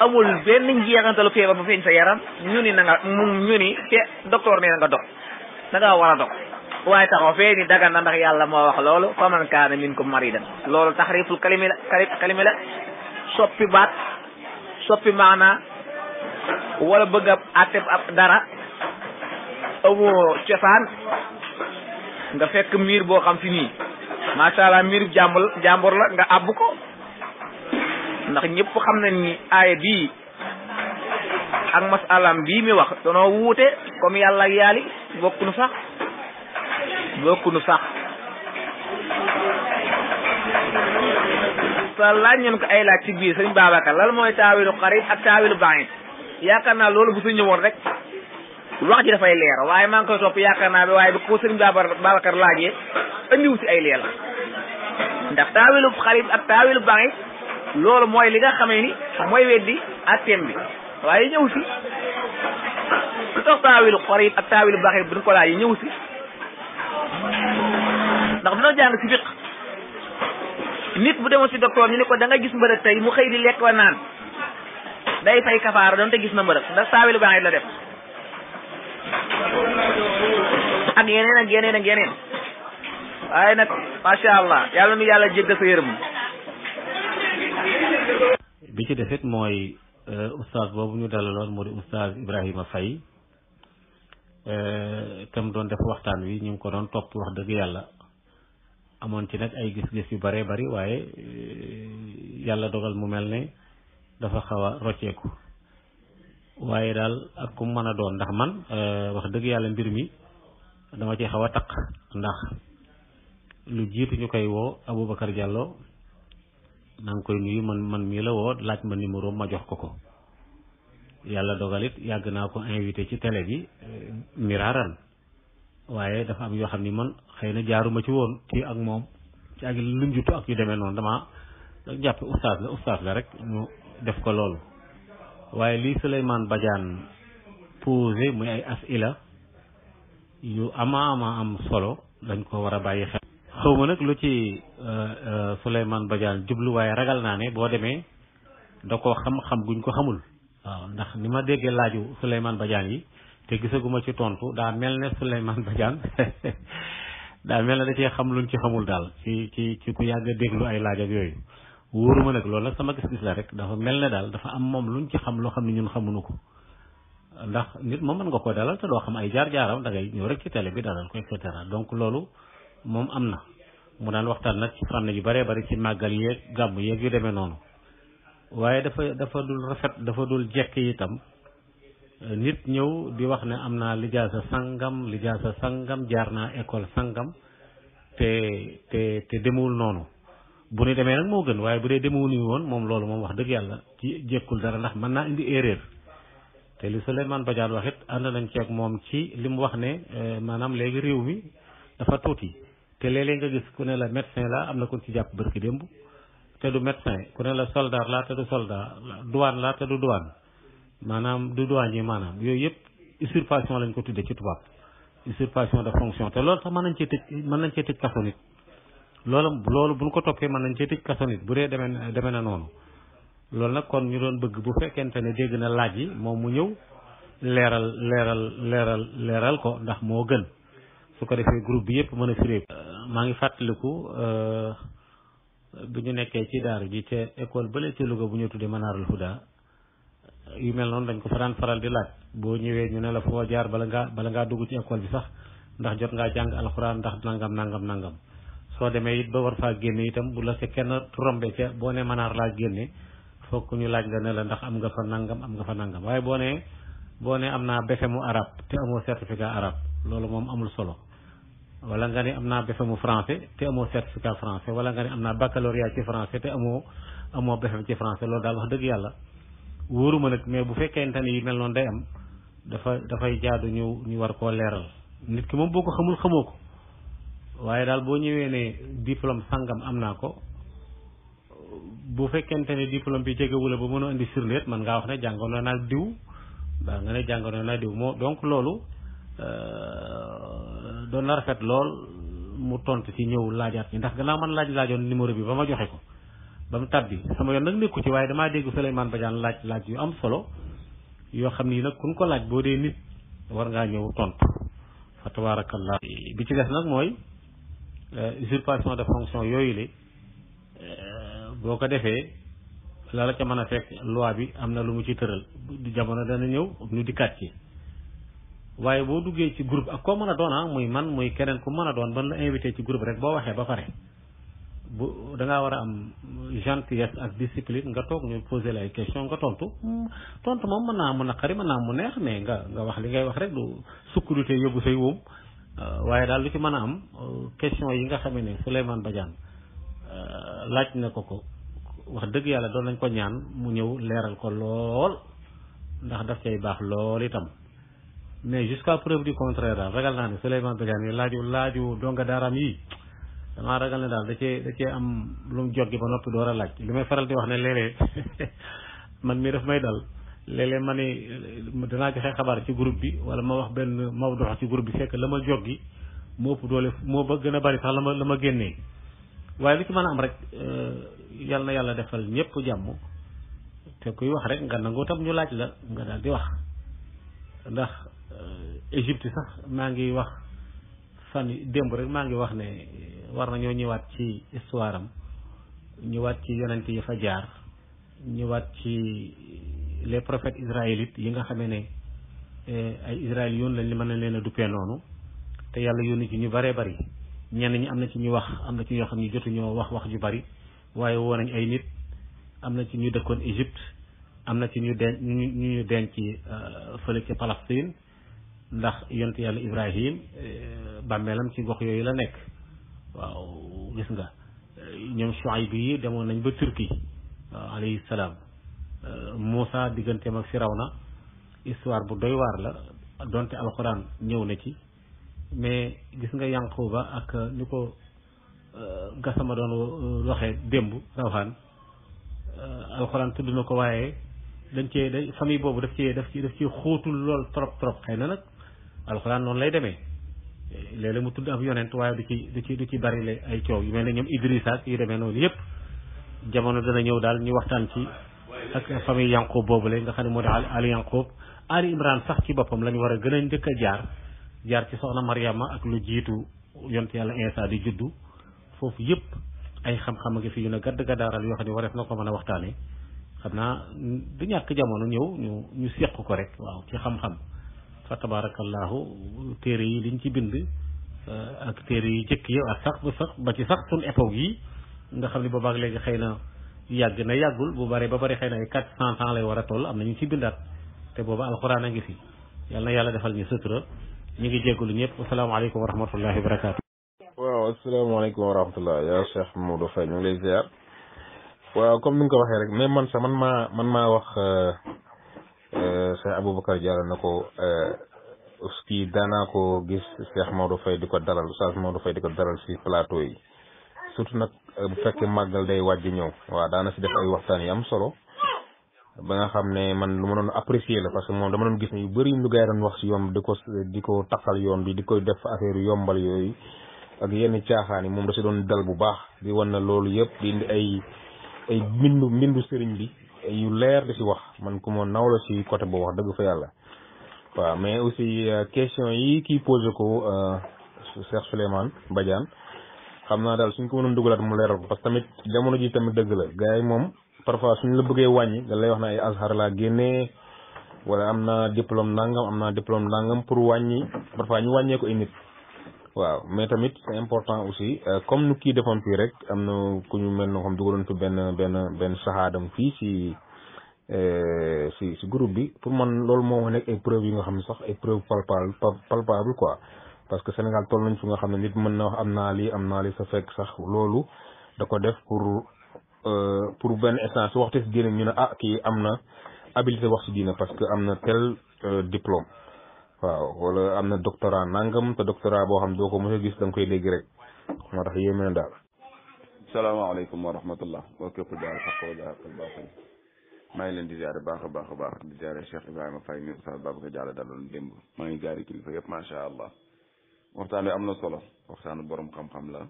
amul benn njeexantalu feebar bu feeñ sa yaram ñu ni na mu ñu ni te docteur nee na nga dox war a dox waaye taxaw fee ni dagan ndax yàlla moo wax loolu fa man kaana minkum maridan loolu taxriful kalimi la kalimi la soppi baat soppi maana wala bëgg ab àtte ab dara amoo cosaan nga fekk miir boo xam si nii macha allah miir jàmbur jàmbur la nga àbb ko ndax ñépp xam na ni aaya bii ak masalaam bii mi wax danoo wuute comme yàlla ak yaali bokkuñu sax bokkunu sax sa laaj ngeen ko ay laaj ci biir sëñ Babacar lan mooy taawilu xarib ak taawilu baid yaakaar naa loolu bu su ñëwoon rek wax ji dafay leer waaye maa ngi koy topp yaakaar naa bi waaye bi ko sëñ Babacar a ñëw si ay leer ndax taawilu xarib ak taawilu baid loolu mooy li nga xamee ni bi waaye ñëw si lu tax taawilu xarib ak taawilu baid ñëw si ndax dañoo jàng ci nit bu demoon ci docteur ñu ne ko da gis mbërëg tey mu xëy di lekk wa naan day fay kafaara donte gis na mbërëg ndax saawilu baaxit la def ak yeneen ak yeneen ak yeneen waaye nag macha allah yàlla nu yàlla jéggal sa yërëm bi ci defit mooy oustaz euh, boobu ñu dalaloon moo di oustaz Ibrahima Faye Euh, tam doon def waxtaan wi ñu ngi ko doon topp wax dëgg yàlla amoon ci nag ay gis-gis yu bare bari waaye euh, yàlla dogal mu mel ne dafa xaw a rocceeku waaye daal ak ku mën a doon ndax man euh, wax dëgg yàlla mbir mi dama ci xaw a taq ndax lu jiitu ñu koy woo Aboubacar Diallo na nga koy nuyu man man mii la woo laaj ma numéro ma jox ko ko yàlla dogalit yàgg naa ko invité ci télé bi euh, miraaran waaye dafa am yoo xam ni man xëy na jaaruma ci woon ci ak moom ci ak lum jutu ak yu demee noonu dama jàpp ustaas la ustaas la rek ñu def ko loolu waaye lii Souleymane bajaan posé muy ay asila yu ama ama am solo dañ ko war a bàyyi xel xaw ma nag lu ci euh, euh, Souleymane Badiane jublu waaye ragal naa ne boo demee da ko xam-xam guñ ko xamul waaw ndax ni ma déggee laaju Souleymane Badiane yi te gisaguma ci tontu daa mel ne Souleymane Badiane daa mel ne da cee xam luñ ci xamul daal ci ci ci ku yàgg a déglu ay laaj ak yooyu wóoruma nag loolu nag sama gis-gis la rek dafa mel ne daal dafa am moom ñu ci xam loo xam ne ñun xamuñu ko ndax nit moom mën nga koy dalal te doo xam ay jaar-jaaram da ngay ñëw rek ci télé bi dalal ko et cetera donc loolu moom am na mu daan waxtaan nag ci fànn yu bare bari ci màggal yeeg gàmm yeeg yu demee noonu waaye dafa dafa dul rafet dafa dul jekk itam eh, nit ñëw di wax ne am naa lijaasa sangam lijaasa sangam jaar naa école sangam te te te demewul noonu bu ñu demee nag moo gën waaye bu dee demewu ñu woon moom loolu moom wax dëgg yàlla ci jekkul dara ndax mën naa indi erreur te li Souleymane Badiane wax it ànd nañ ceeg moom ci li mu wax ne eh, maanaam léegi réew mi dafa tuuti te léeg-léeg nga gis ku ne la médecin la am na kon ci jàpp barki démb te du médecin ku ne la soldat laa te du soldat douane laa te du douane maanaam du douanier maanaam yooyu yëpp usurpation lañ ko tuddee ci tubaab usurpation de fonction te loolu sax mën nañ cee tëj mën nañ cee tëj kaso nit loolu loolu buñ ko toppee mën nañ cee tëj kaso nit bu dee demee demee na noonu loolu nag kon ñu doon bëgg bu fekkente ne dégg na laaj yi moom mu ñëw leeral leeral leeral leeral ko ndax moo gën su ko defee group bi yëpp mën a firé maa ngi fàttaliku euh, bu ñu nekkee ci daaru ji ca école bële ca Louga bu ñu tuddee Manaarul Huda yu mel noonu dañ ko fa daan faral di laaj boo ñëwee ñu ne la foo jaar bala ngaa bala ngaa dugg ci école bi sax ndax jot ngaa jàng alxuraan ndax nangam nangam nangam soo demee it ba war faa génne itam bu la ca kenn rombé ca boo ne Manaar laa génne fokk ñu laaj la ne la ndax am nga fa nangam am nga fa nangam waaye boo nee boo ne am naa BFEM mu arab te amoo certificat arab loolu moom amul solo. wala nga ne am naa BFEM français te amoo certificat français wala nga ne am naa baccalauréat ci français te amoo amoo BFEM ci français loolu daal wax dëgg yàlla wóoruma nag mais bu fekkente ne yu mel noon day am dafa dafay jaadu ñu ñu war koo leeral. nit ki moom boo ko xamul xamoo ko waaye daal boo ñëwee ne diplôme sangam am naa ko bu fekkente ne diplôme bi jegewula ba mën a indi sirleet man ngaa wax ne jàngoon naa diw waaw nga ne jàngoon naa loolu. Euh, doon na rafet lool mu tontu ci ñëw laajaat ñi ndax gannaaw man laaj laajoon numéro bi ba ma joxe ko ba mu tàbbi sama yoon nag nekku ci waaye damaa dégg Souleymane Badiane laaj laaj yu am solo yoo xam ni nag kun ko laaj boo dee nit war ngaa ñëw tontu fa tabaarakallah bi ci des nag mooy euh, usurpation de fonction yooyu le euh, boo ko defee la la ca mën a fekk loi bi am na lu mu ci tëral jamono dana ñëw ñu dikkaat ci waaye boo duggee ci groupe ak koo mën a doon ah muy man muy keneen ku mën a doon ban la invité ci groupe rek boo waxee ba pare bu dangaa war a am gentillesse ak discipline nga toog ñu poser la ay question nga tontu hmm, tontu moom mën naa mu naqari mën naa mu neex mais nga nga wax li ngay wax rek du sukkurité yóbbu say wóom euh, waaye daal lu ci mën a am euh, question yi nga xamee ne Souleymane Badiane euh, laaj na ko ko wax dëgg yàlla doon lañ ko ñaan mu ñëw leeral ko lool ndax daf cay baax lool itam mais jusqu'à preuve di contraire daal ragal naa ne Souleymane Badiane laaju laaju donga daaraam yi damaa ragal ne daal da cee da cee am lu mu gi ba noppi door a laaj li may faral di wax ne léeg-léeg man mii daf may dal léeg-léeg ma ne danaa joxe xabaar ci group bi wala ma wax benn mawdu ci groupe bi fekk la ma jot gi moo ëpp doole moo ba gën a bari sax la ma la ma génnee waaye lu ci mën a am rek euh, yal na yàlla defal ñépp jàmm te kuy wax rek nga nangoo laaj la di wax Égypte sax maa ngi wax fan démb rek maa ngi wax ne war nañoo ñëwaat ci histoire am ñëwaat ci yonent yi fa jaar ñëwaat ci les prophètes israélites yi nga xamee ne eh, ay israël yoon lañ li mën na leen a duppee noonu te yàlla yónni ci ñu bëree bari ñenn ñi am na ci ñu wax am na ci ñoo xam ne jotuñoo wax wax ju bari waaye woo nañ ay nit am na ci ñu dëkkoon Égypte am na ci ñu denc ñu ñu denc eh, fële ci Palestine ndax yonent yàlla ibrahim eh, bàmmeelam ci gox yooyu la nekk waaw gis nga eh, ñoom Shuayb yi demoon nañ ba Turquie waaw alayhi salaam eh, Moussa digganteem ak Firawna histoire bu doy waar la donte alxuraan ñëw na ci mais gis nga ba ak ni ko Gassama doon waxee démb rawxaan alxuraan tudd na ko waaye dañ cee dañ famille boobu daf cee daf ci daf ci xóotul lool trop trop xëy nag alxuraan noonu lay demee léeg mu tudd ab yonent waaye du ci du ci du ay coow yu mel ne ñoom Idrissa ak yi demee noonu yëpp jamono dana ñëw daal ñu waxtaan ci ak famille boobu boobule nga xam ne moo di ci boppam la ñu war a gën a njëkk a jaar jaar ci soxna Mariama ak lu jiitu yonent yàlla Insa di juddu foofu yëpp ay xam-xam a ngi fi yu ne gadd gaddaaral yoo xam ne wareef na ko mën a waxtaane xam naa du ñàkk jamono ñëw ñu ñu ko rek waaw ci xam-xam fa tabaarakallaahu téere yi liñ ci bind euh, ak téere yu jëkk yow ak sax ba sax ba ci sax suñ époque yi nga xam ne boobaak léegi xëy na yàgg na yàggul bu bare ba bari xëy na ay quatre cent lay war a toll am na ñu ci bindaat te booba alxuraan a ngi fi yàlla yàlla defal ñu sutura ñu ngi jéggalu ñëpp asalaamaaleykum wa rahmatullahi wa barakaatu. waaw asalaamaaleykum wa rahmatullah yaa Cheikh Modou Faye ñu ngi lay ziar waaw comme ni nga ko waxee rek mais man sax man maa man maa wax. Euh, Euh, Cheikh Aboubacar Diallo na ko euh, kii daanaa ko gis Cheikh Maodo Faye di ko dalal Oustaz Maodo Faye di ko dalal si plateau yi surtout nag euh, bu fekkee màggal day wàjj ñëw waaw daana si def ay waxtaan yi am solo ba nga xam ne man lu ma doon apprécier la parce que moom dama doon gis ne yu bëri lu gars yi doon wax si yoon di ko di ko taxal yoon bi di koy def affaire yombal yooyu ak yenn caaxaan yi moom da si doon dal bu baax bi wan na loolu yëpp di indi ay ay mbindu mbindu sëriñ bi yu leer di si wax man ku ma naw la si côté boo wax dëgg fa yàlla waaw mais aussi euh, question yi kii posé ko euh, Cheikh Souleymane Badiane xam naa daal suñ ko mënoon dugalaat mu leeral ko parce que tamit jamono ji tamit dëgg la gars yi moom parfois suñ la bëggee wàññi da lay wax na ay azhar laa génnee wala am na diplôme nangam am naa diplôme nangam pour wàññi parfois ñu wàññee ay nit waaw mais tamit c'est important aussi euh, comme nu kii defoon fii rek am na ku ñu mel noo xam dugaloon fi benn benn benn saxaadam fii si euh, si si groupe bi pour man loolu moo ma nekk ay preuve yi nga xam ne sax ay preuve palpable palpable quoi parce que Sénégal toll nañ fi nga xam ne nit mën na wax am naa lii am naa lii sa fekk sax loolu da ko def pour euh, pour benn instance waxtu si diine ñu ne ah kii am na habilité wax si diine parce que am na tel diplôme waaw wala am na doctorat nangam ta doctorat boo xam doo ko mos a gis da nga koy dégg rek moo tax yéeme na daal. salaamaaleykum wa rahmatullah wa képp daal maa ngi leen di ziare baax a baax a baax di ziare Cheikh Ibrahima Faye mi Oustaz Babacar Diallo daloon démb maa ngi ziare kilifa yëpp macha allah waxtaan wi am na solo waxtaanu borom xam-xam la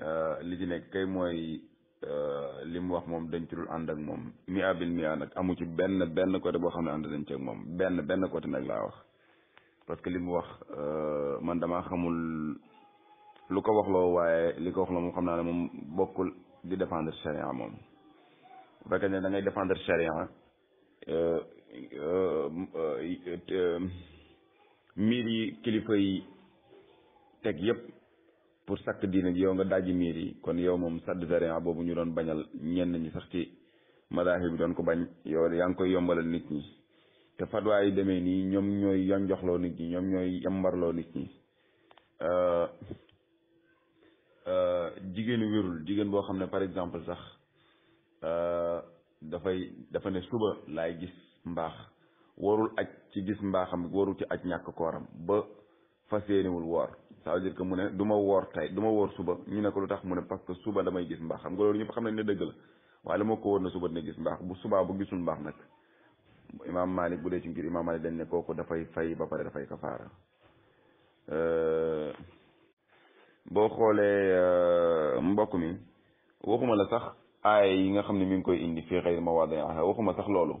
euh, li ci nekk kay mooy. Euh, li mu wax moom dañ ci ànd ak moom mi abin mi nag amu ci benn benn côté boo xam ne ànd nañ ci ak moom benn benn côté nag laa wax parce que li mu wax euh, man damaa xamul lu ko wax loo waaye li ko wax loo moom xam naa ne moom bokkul di défendre charia moom bu da ngay défendre charia euh, mbir yi kilifa yi teg yëpp pour sakk diine ji yow nga dajji miir yi kon yow moom sadd véréant boobu ñu doon bañal ñenn ñi sax ci madaahi bi doon ko bañ yow yaa ngi koy yombalal nit ñi te fatwa yi demee nii ñoom ñooy yonjoxloo nit ñi ñoom ñooy yambarloo nit ñi euh, euh, jigéenu wérul jigéen boo xam ne par exemple sax euh, dafay dafa ne suba laay gis mbaax warul aj ci gis mbaaxam warul ci aj ñàkk kooram ba fas yéenewul woor ça veut dire que mu ne du ma woor tey du ma woor suba ñu ne ko lu tax mu ne parce que suba damay gis mbaax xam nga loolu ñëpp xam nañ ne dëgg la waaye la ma ko woon na suba dina gis mbaax bu subaa bu gisul mbaax nag imaam Malik bu dee ci ngir imaam Malik dañ ne kooku dafay fay ba pare dafay kafaara euh, boo xoolee euh, mbokk mi waxuma la sax aay yi nga xam ne mi ngi koy indi fii xëy ma waa waxuma sax loolu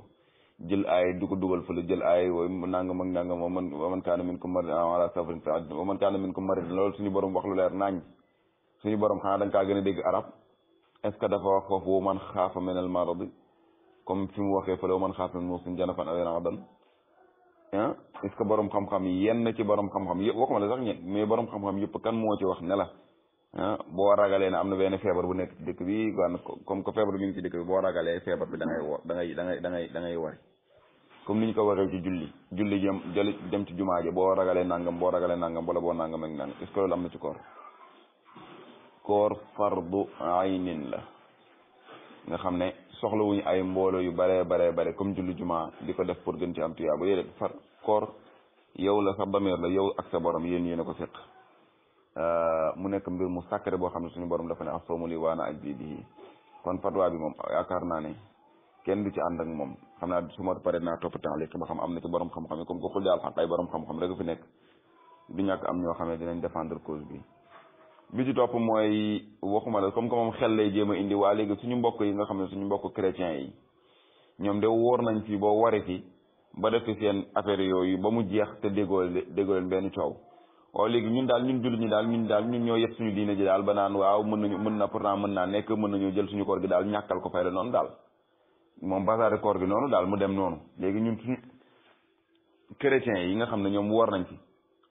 jël aay di ko dugal fële jël aay wooy nanga ak nangam moom man wa man kaana minkum maridan aw ala safarin fa iddatun wa man kaana minkum maridan loolu suñu borom wax lu leer borom xanaa da nga kaa dégg arab est-ce que dafa wax foofu wa man xaafa min al maradi mu waxee fële man xaafa min mawsin janafan aw iradan ah est-ce borom xam-xam yenn ci borom xam-xam yëpp waxuma la sax mais borom xam-xam yëpp kan moo ci wax ne la ah boo ragalee ne am na benn feebar bu nekk dëkk bi kon ko que feebar bi ngi ci dëkk bi boo ragalee feebar bi da ngay wo da ngay da ngay da ngay da wari comme ni ñu ko waxee ci julli julli jëm jëli dem ti jumaa ji boo ragalee nangam boo ragalee nangam wala boo nangam ak nangam est-ce que am na ci koor koor fardu aynin la nga xam ne soxlawuñu ay mbooloo yu baree baree bare comme julli jumaa di ko def pour gën ci am tuyaa ba yédé far koor yow la sa bameer la yow ak sa borom yéen yéen a ko fekk euh, mu nekk mbir mu sàkkare boo xam ne suñu borom dafa ne asoomu li waana aj bii bii kon fatwa bi moom yaakaar naa ne kenn du ci ànd ak moom xam naa su ma paree naa topp temps léegi ba xam am na ci borom xam-xam yi comme que xul daal xaq ay borom xam-xam rek fi nekk du ñàkk am ñoo xam ne dinañ défendre cause bi. bi ci topp mooy waxuma la comme que moom xel lay jéem a indi waa léegi suñu mbokk yi nga xam ne suñu mbokk chrétiens yi ñoom de wóor nañ fi boo waree fi ba def fi seen affaire yooyu ba mu jeex te déggoo déggoo leen benn coow. waaw léegi ñun daal ñun jullit ñi daal ñun daal ñun ñoo yëpp suñu diine ji daal ba naan waaw mën nañu mën na pourtant naa nekk mën nañoo jël suñu koor gi daal ñàkkal ko fay noonu daal moom bazaaru koor bi noonu daal mu dem noonu léegi ñun suñu chrétiens yi nga xam ne ñoom war nañ ci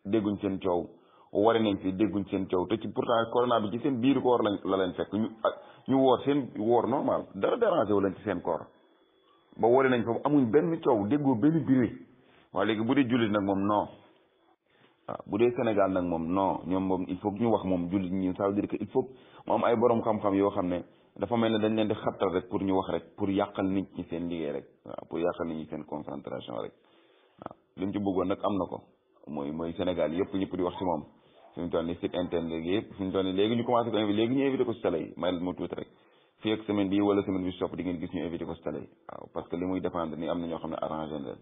dégguñ seen coow wari nañ ci dégguñ seen coow te ci pourtant corona bi ci seen biir koor lañ la leen fekk ñu ñu woor seen woor normal dara dérangé wu lañ ci seen koor ba wari nañ foofu amuñ benn coow déggoo benn bruit waa léegi bu dee jullit nag moom non waaw ah, bu dee Sénégal nag moom non ñoom moom il faut ñu wax moom jullit ñi ça veut dire que il faut mu am ay borom xam yoo xam ne. dafa mel ne dañ leen di xattal rek pour ñu wax rek pour yàqal nit ñi seen liggéey rek waaw pour yàqal nit ñi seen concentration rek waaw liñ ci bëggoon nag am na ko mooy mooy Sénégal yëpp ñëpp di wax si moom fi mu toll nii site internet léegi yëpp fi mu toll ñu commencé ko invité léegi ñu invité ko si télé yi may moo tuuti rek fii ak semaine bii wala semaine bi sopp di ngeen gis ñu invité ko si télé yi waaw parce que li muy dépendre ni am na ñoo xam ne arrangé na leen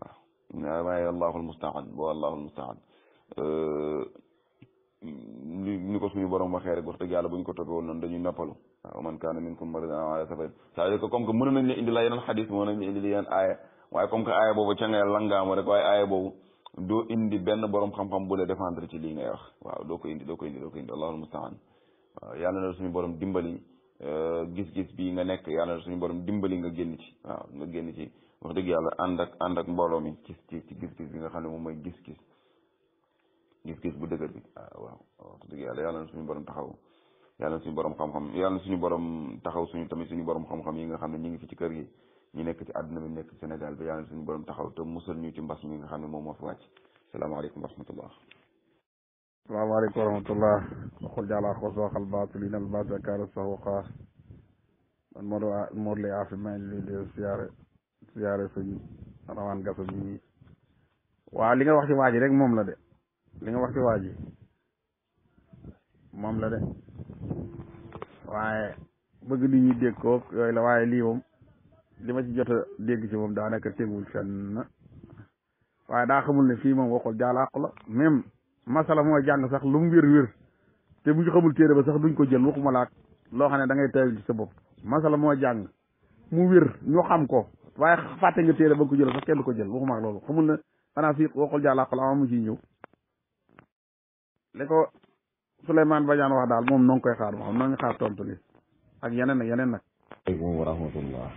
waaw waaw waaye allahul musta'an bo allahul musta'an euh, ni ko suñu borom waxee rek wax dëgg yàlla bu ñu ko toppee woon noonu dañuy noppalu waaw man kaana minkum mariidan ala safarin c'est-à-dire que comme que mën nañ la indi la yeneen xadis mën nañ la indi la yeneen aaya waaye comme que aaya boobu ca ngay langaama rek waaye aaya boobu doo indi benn borom xam-xam bu la défendre ci lii ngay wax waaw doo ko indi doo ko indi doo ko indi allahul mustaan waaw yàlla na suñu borom dimbali euh, gis-gis bii nga nekk yàlla na suñu borom dimbali nga génn ci waaw nga génn ci wax dëgg yàlla ànd ak ànd ak mbooloo mi ci ci ci gis-gis bi nga xam ne moom mooy gis-gis gis-gis bu dëgër bi ah, waaw waaw dëgg yàlla yàlla na suñu borom taxaw yàlla na suñu borom xam-xam yàlla na suñu borom taxaw suñu tamit suñu borom xam-xam yi nga xam ne ñu ngi fi ci kër gi ñu nekk ci àdduna bi nekk Sénégal bi yàlla na suñu borom taxaw te musal ñu ci mbas mi nga xam ne moom moo fi wàcc salaamaaleykum wa rahmatullah salaamaaleykum wa rahmatullah waxul jàllaa xoo sooxal baatu lin al baasa kaara saxuqaa man moo doon moo lay afi maa ngi leen di siyaare siyaare suñ rawaan gasa bi waa li nga wax ci waa ji rek moom la de li nga wax ci waa ji moom la de waaye bëgg nit ñuy dégg ko yooyu la waaye lii moom li ma ci jot a dégg ci moom daanaka tegul na waaye daa xamul ne fii moom waxul jaalaaku la même masala mooy jàng sax lu mu wér wér te bu ñu xamul téere ba sax duñ ko jël waxuma laak loo xam ne da ngay sa bopp masala moo jàng mu wér ñu xam ko waaye fàtte nga téere ba nga ko jël sax kenn ko jël waxuma ak loolu xamul ne xanaa fii waxul jaalaaku la ama mu ciy ñëw li ko Souleymane Badiane wax daal moom noo koy xaar ma xam noo ngi xaar tontu li ak yeneen ak yeneen nag. asalaamaaleykum wa rahmatullah.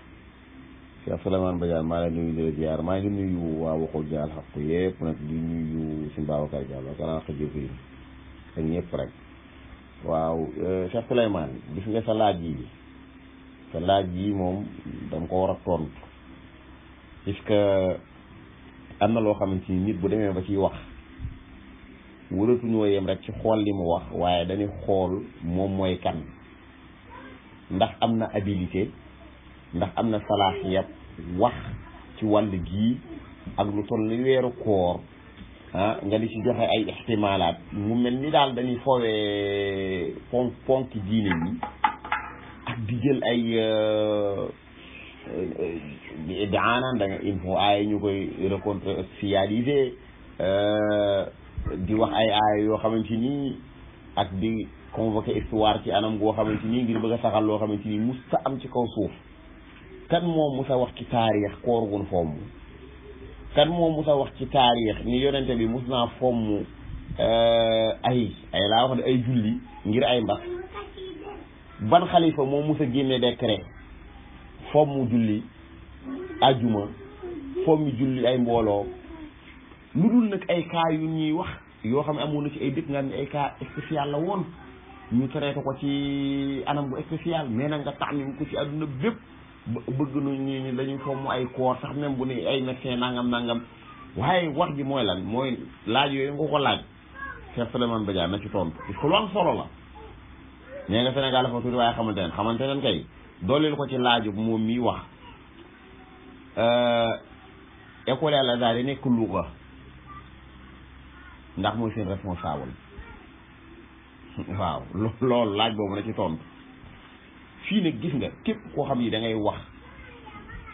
Cheikh maa ngi lay nuyu di la ziar maa ngi nuyu waa Waxul Jaal xaq yëpp nag di nuyu si Mbabacar Diallo gannaaw xëj yi ak ñëpp rek. waaw euh, Cheikh Souleymane gis nga sa laaj yi sa laaj yi moom dama ko war a tontu puisque am na loo xamante ni nit bu demee ba ciy wax. waratuñoo yem rek ci xool li mu wax waaye dañuy xool moom mooy kan ndax am na habilité ndax am na salaaxiyab wax ci wàll gii ak lu toll ni weeru koor ah nga di ci joxe ay ixtimaalaat mu mel ni daal dañuy foowee ponk ponk diine yi ak di jël ay daanaan da nga il faut ay ñu koy recontextualiser di wax ay aaya yoo xamante ni ak di convoquer histoire ci anam goo xamante ni ngir bëgg a saxal loo xamante ni mu sa am ci kaw suuf kan moo mus a wax ci taarix koo gun fomm kan moo mus a wax ci taarix ni yonente bi mus naa fomm eh, ay ay laa wax ne ay julli ngir ay mbas ban xalifa moo mu a génne décret fomm julli ajuma fomm julli ay mbooloo lu dul nag ay kaa yu ñuy wax yoo xam ne amoon na ci ay dëkk nga xam ne ay cas spécial la woon ñu traité ko ci anam bu spécial mais nag nga tànn ko ci àdduna bépp bëgg nu ñii ñi dañuy foog mu ay koor sax même bu ne ay médecin nangam nangam waaye wax ji mooy lan mooy laaj yooyu nga ko laaj Cheikh Souleymane Badiane na ci tontu parce que lu am solo la nee nga Sénégal dafa tuuti waaye xamante ne xamante ne kay dooleel ko ci laaju moom mii wax euh, école al di yi nekk Louga ndax mooy seen responsable waaw lool laaj boobu na ci tontu fii nag gis nga képp koo xam ni da ngay wax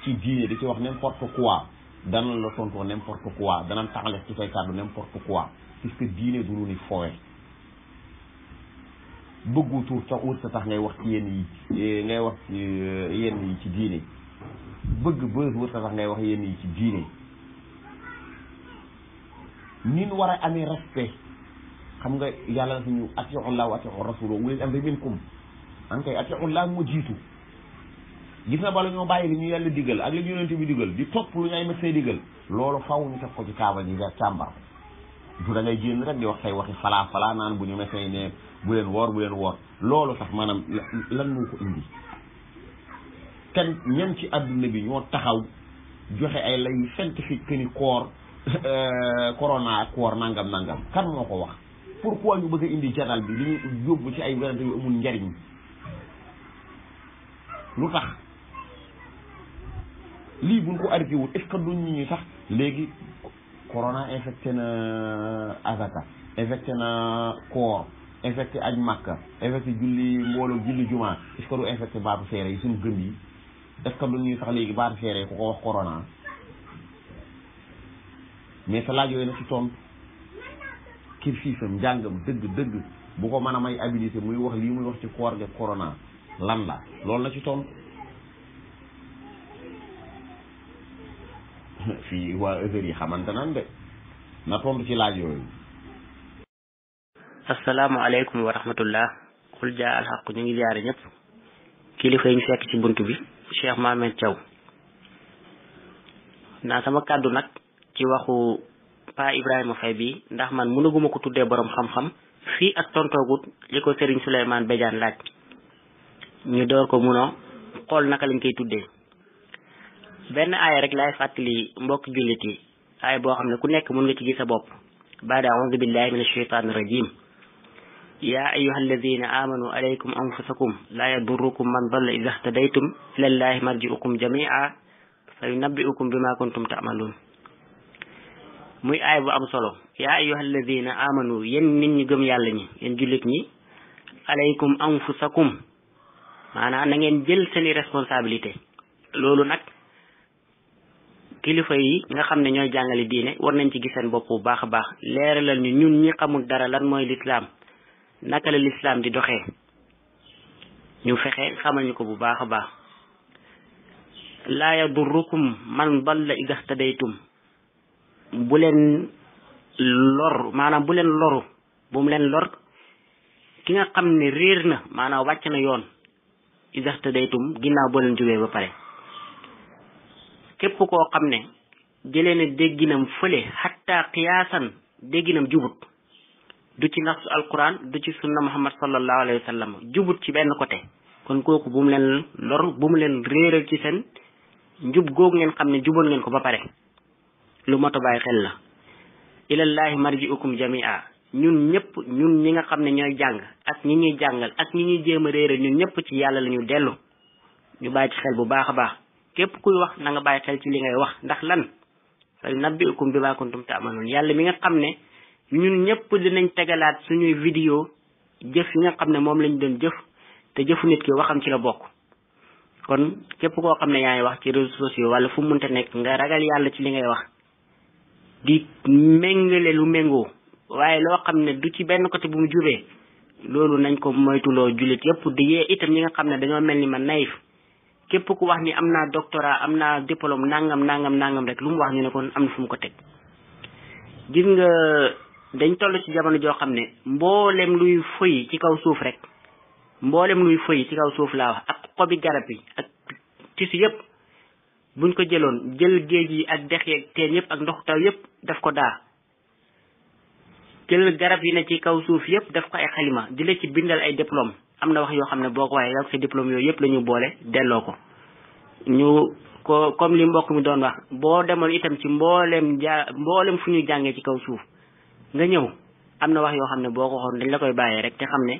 ci diine di ci wax n'importe quoi dana la tontoo n'importe quoi dana taxale ci say kàddu n'importe quoi puisque diine du lu ni fowe bëggu tur ca ut sa tax ngay wax ci yenn yi ngay wax ci yenn yi ci diine bëgg bës wër sa tax ngay wax yenn yi ci diine nin war a amee respect xam nga yàlla na fi ñu atiullah wa atiur rasulo ulil amri minkum an kay atiullah moo jiitu gis na bala ñoo bàyyi li ñu yàlla digal ak li ñu yonent bi digal di topp lu ñu ay médecin digal loolu faw ñu teg ko ci taabal yi nga càmbar du da génn rek di wax tay waxi falaa falaa naan bu ñu médecin ne bu leen woor bu leen woor loolu sax maanaam lan moo ko indi kenn ñan ci àdduna bi ñoo taxaw joxe ay lay scientifique que Euh, corona ak koor nangam nangam kan moo ko wax pour pourquoi ñu bëgg a indi jaral bi li ñu yóbbu ci ay werante yu amul njariñ lu tax lii buñ ko arrêté wut est-ce sax léegi corona infecté na euh, azaka infecté na koor infecté aj màkka infecté julli mbooloo julli jumaa est-ce que du infecté baatu seere yi suñu gëm yi est-ce que duñ sax léegi baatu seere ku ko wax corona mais sa laaj yooyu na ci tontu kii fiifam njàngam dëgg dëgg bu ko mën a may habilité muy wax lii muy wax ci koor ge corona lan la loolu na ci tontu fii waa yi xamante nan de na tontu ci laaj yooyu. asalaamaaleykum wa rahmatullah xul jaa alxaq ñu ngi jaare ñëpp. kilifa yi ñu fekk ci bunt bi Cheikh Mamed Thiaw naa sama kàddu nag. ci waxu Pa Ibrahima Faye bi ndax man mënaguma ko tuddee boroom xam-xam fii ak tontoogut li ko Serigne Souleymane Badiane laaj ñu door ko munoo xool naka lañ koy tuddee benn aaya rek laay fàttali mbokk jullit yi aaya boo xam ne ku nekk mën nga ci gis sa bopp baada audu billahi min ashaitan rajim ya ayuha alladina amanu alaykum anfusakum la yadurukum man dalla ida htadaytum ilallahi marjiukum jamia fa yunabbiukum bima kuntum taamaluun muy aay bu am solo yaa ayyuha alladina amanu yéen nit ñi gëm yàlla ñi yéen jullit ñi alaykum anfusakum maanaam na ngeen jël seeni responsabilité loolu nag kilifa yi nga xam ne ñooy jàngale diine war nañ ci gis seen bopp bu baax a baax leeralal ñu ñun ñi xamul dara lan mooy lislaam naka la lislaam di doxee ñu fexe xamal ñu ko bu baax a baax laa yadurrukum man dalla idahtadaytum bu leen lor maanaam bu leen loru bu mu leen lor ki nga xam ne réer na maanaam wàcc na yoon isaxta daytum ginnaaw boo leen jubee ba pare képp koo xam ne jëlee na dégginam fële xatta xiyaasan dégginam jubut du ci nasu alquran du ci sunna muhammad sallallahu alayhi wa sallam jubut ci benn côté kon kooku bu mu leen lor bu mu leen réeral ci seen njub googu ngeen xam ne juboon ngeen ko ba pare lu mot bàyyi xel la ilallaahi marjiukum jamia ñun ñëpp ñun ñi nga xam ne ñooy jàng ak ñi ñuy jàngal ak ñi ñuy jéem a réere ñun ñëpp ci yàlla la ñu dellu ñu bàyyi ci xel bu baax a baax képp kuy wax na nga bàyyi xel ci li ngay wax ndax lan fa nabbiukum bi maa kuntum taamaloon yàlla mi nga xam ne ñun ñëpp dinañ tegalaat suñuy vidéo jëf yi nga xam ne moom lañ dem jëf te jëfu nit ki waxam ci la bokk kon képp koo xam ne yaa ngi wax ci réseaux sociaux wala fu mu mënta nekk nga ci li ngay wax di méngale lu méngoo waaye loo xam ne du ci benn côté bu mu jubee loolu nañ ko moytuloo jullit yëpp di yee itam ñi nga xam ne dañoo mel ni ma naïf képp ku wax ni am naa doctorat am naa diplôme nangam nangam nangam rek lu mu wax ñu ne kon am na fu mu ko teg gis nga dañ toll ci jamono joo xam ne mboolem luy fëy ci kaw suuf rek mboolem luy fëy ci kaw suuf laa wax ak xobi garab yi ak tissu yëpp buñ ko jëloon jël géej yi ak dex yeeg teen yépp ak ndox taw yépp daf ko daa jël garab yi ne ci kaw suuf yépp daf ko ay xalima di la ci bindal ay diplôme am na wax yoo xam ne boo ko waaye ak sa yooyu yépp la boole delloo ko ñu ko comme li mbokk doon wax boo demoon itam ci mbooleem ja fu ñu jàngee ci kaw suuf nga ñëw am na wax yoo xam ne boo ko waxoon dañ la koy bàyyee rek te xam ne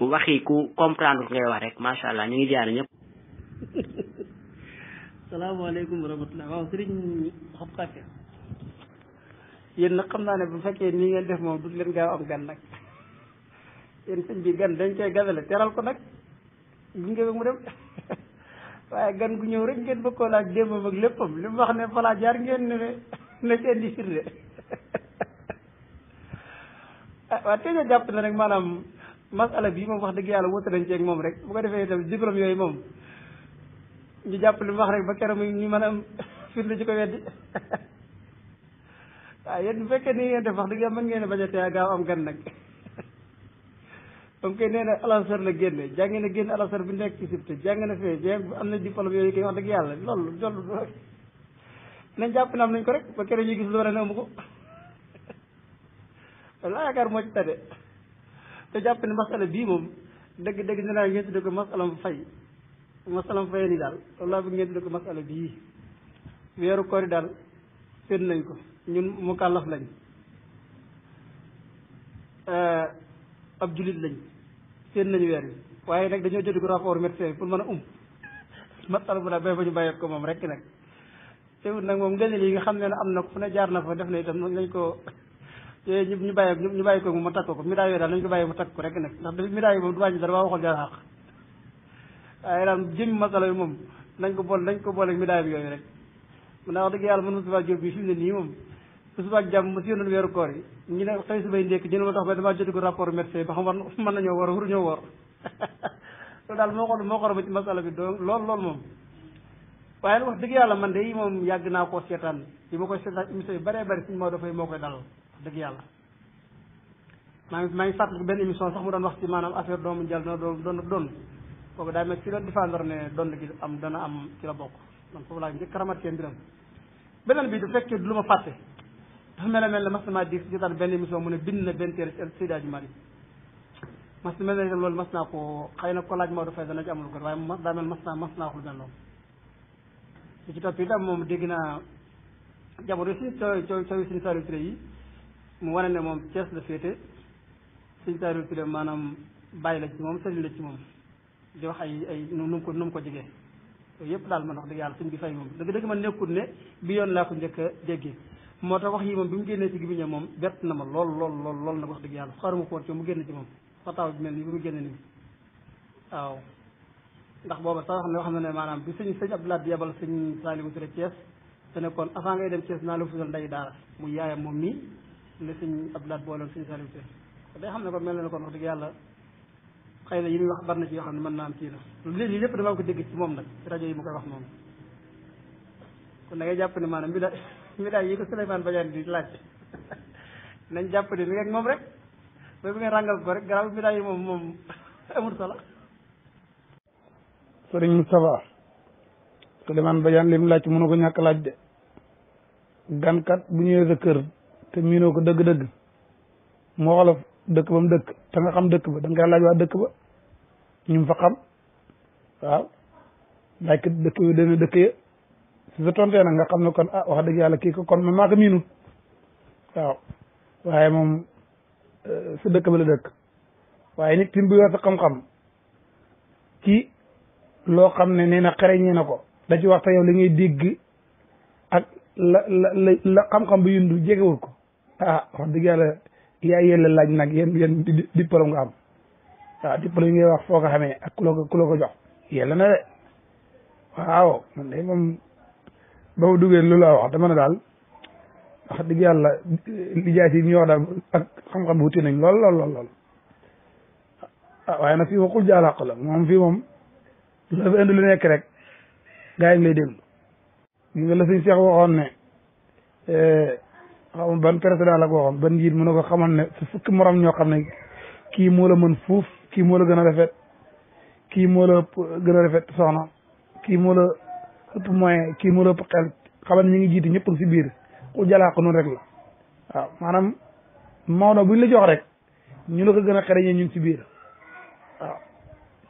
waxi ku comprendre ngay wax rek macha allah ñu ngi jaar ñëpp salaamaaleykum wa rahmatulah waaw sëriñ xob xàtte yéen nag xam naa ne bu fekkee nii ngeen def moom du leen gaaw am gan nag yéen sëñ bi gan dañ koy gabele teral ko nag gunge ba mu dem waaye gan gu ñëw rek ngeen bëggoon ak démbam ak léppam li mu wax ne falaa jaar ngeen ne na seen di firnde ah waaw te ne rek maanaam masala bi moom wax dëgg yàlla wóote nañ ci moom rek bu ko defee itam diplôme yooyu moom. ñu jàpp li mu wax rek ba keroog ñu mën a am firnde ci ko weddi waaw yéen bu fekkee ni yen def wax dëgg yàlla mën ngeen a bañ a am gan nag comme que nee na alasar la génne jàng na génn alasar bi nekk ci sibte jàng na fee jàng am na diplôme yooyu kay wax dëgg yàlla loolu loolu nañ jàpp na am nañ ko rek ba keroog ñu gis lu war a ne amu ko laa yaakaar moo ci tade ne masala bii moom dëgg dëgg nee naa ngeen tudde ko masala mu fay masalam fayeen yi daal loolu laa bëgg ngeen di ko masala bii weeru koori daal seet nañ ko ñun mu kàllaf lañ euh, ab julit lañ seet nañu weer bi waaye nag dañoo jot ko rapport médecin bi pour mën a um masala bu daal bay ba ñu bàyyeek ko moom rek nag teewul nag moom ngeen yi nga xam ne am na ko fu ne jaar na fa def na ko ñu bàyyi ñu bàyyi ko mu takk ko mi daay yooyu daal nañ ko bàyyi mu takk ko rek nag ndax mi daay moom du wàññi dara waa waxul jaar xaq waaye daal jëm masala bi moom nañ ko boole nañ ko boole mi daay bi yooyu rek mun naa wax dëgg yàlla man Moustapha Diop bi fi mu ne nii moom Moustapha jàmm ma si yoon weeru koor yi ñu ne xëy subay ndékk ñu ne ma tax ba damaa jotigu rapport médecin ba xam war mën nañoo war waruñoo war loolu daal moo xool moo xool ma ci masala bi donc loolu loolu moom waaye wax dëgg yàlla man de moom yàgg naa koo seetaan yi ma koy seetaan émission yu bëree bëri suñu moo dafay moo koy dalal wax dëgg yàlla maa ngi maa ngi fàttaliku benn émission sax mu doon wax ci maanaam affaire doomu jàll na doon doon kooku daay mel ci la défendre ne dond gi am dana am ci la bokk donc foofu laa njëkk a ramat seen mbiram beneen bi du fekkee du lu ma fàtte dafa mel ne mel ne mas naa di jotaan benn émission mu ne bind na benn téere Seydi Hadji Malick mas na mel ne itam loolu mas ko xëy na ko laaj Maodo Faye dana ci am lu ko waaye mas daa mel mas naa mas naa wax lu mel noonu li ci topp si coow coow mu wane ne moom Thiès la féete suñu Saliou maanaam bàyyi la ci moom sëriñ la ci moom di wax ay ay nu mu ko nu mu ko jigee yooyu yëpp daal man wax dëgg yàlla suñ bi fay moom dëgg dëgg man nekkul ne bi yoon laa ko njëkk a déggee moo tax wax yi moom bi mu génnee ci gémmiñam moom bett na ma lool lool lool lool nag wax dëgg yàlla xaaruma ko woon ci mu génn ci moom fataaw bi mel nii bi mu génne nii waaw ndax booba sax xam ne xam na ne maanaam bi sëñ sëñ Abdoulaye di yebal sëñ Saliou Touré Thiès te ne kon avant ngay dem Thiès naa la fusal nday daara mu yaayam moom nii ne sëñ Abdoulaye booleem sëñ Saliou Touré day xam ne ko mel na ne kon wax dëgg yàlla xëy na yi muy wax bari na ci yoo xam ne mën naa am kii lii lépp damaa ko dégg ci moom nag ci rajo yi mu koy wax moom kon ngay jàpp ne maanaam mbida mbida yi ko Souleymane Badiane di laaj nañ jàpp ne mi moom rek ba bi nga ràngal ko rek garaaw mbida yi moom moom amul solo sëriñ Moustapha Souleymane Badiane li ko ñàkk laaj de gankat bu ñëwee sa kër te miinoo ko dëgg-dëgg mu xolof dëkk ba mu dëkk te nga xam dëkk ba da nga laaj waa dëkk ba ñu mu fa xam waaw laaj ko dëkk yu dana dëkk ya su sa tontee nga xam na kon a ah, wax dëgg yàlla kii ko kon man maa ko waaw waaye moom eh, sa dëkk ba la dëkk waaye nit tim bu yor sa xam-xam loo xam ne nee na xereñee na ko da ci waxta yow li ngay dégg ak la la la xam-xam bu yundu jegewul ko ah wax dëgg yàlla yaa yéen la laaj nag yéen yéen diplôme nga am waaw diplôme yi ngay wax foo ko xamee ak ku la ko ku la ko jox yéen la na de waaw man de moom ba ma duggee lu la wax dama ne daal wax dëgg yàlla lijaas yi ñu wax daal ak xam-xam wuti nañ lool lool lool lool ah waaye nag fii waxul jaalaq la moom fii moom la fi indi lu nekk rek gaa yi ngi lay déglu ñu nga la suñ seex ne eh, xaw ban président la ko ban njiit mu ne ko xamal ne su fukki morom ñoo xam ne kii moo la mën fuuf kii moo la gën a rafet kii moo la gën a rafet soxna kii moo la ëpp moyen kii moo la ëpp xel xamal ñi ngi jiite ñëpp si biir ku jalaa ko rek la waaw maanaam Maodo buñ la jox rek ñu la ko gën a xereñee ñu ngi si biir waaw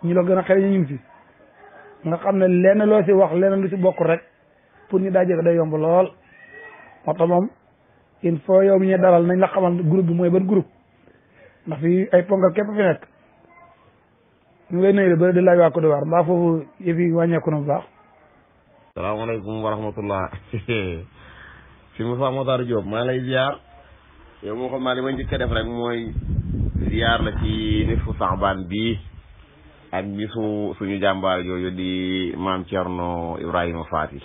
ñu la gën a xereñee ñu ngi si nga xam ne lenn loo si wax lenn lu si bokk rek pour ñu daje ko day yomb lool moo tax il faut yow mi ñu dalal nañ la xamal groupe bi mooy ban groupe ndax fi ay ponkal képp fi nekk ñu ngi lay nuyu ba di laaj waa Côte mbaa foofu yëf yi wàññeeku na bu baax. salaamaaleykum wa rahmatullah si Moussa Mokhtar Diop maa lay ziar yow moo xam naa li ma njëkk def rek mooy ziar la ci nisfu Saxbaan bi ak bisu suñu jàmbaar yooyu di maam Thierno Ibrahima Fati.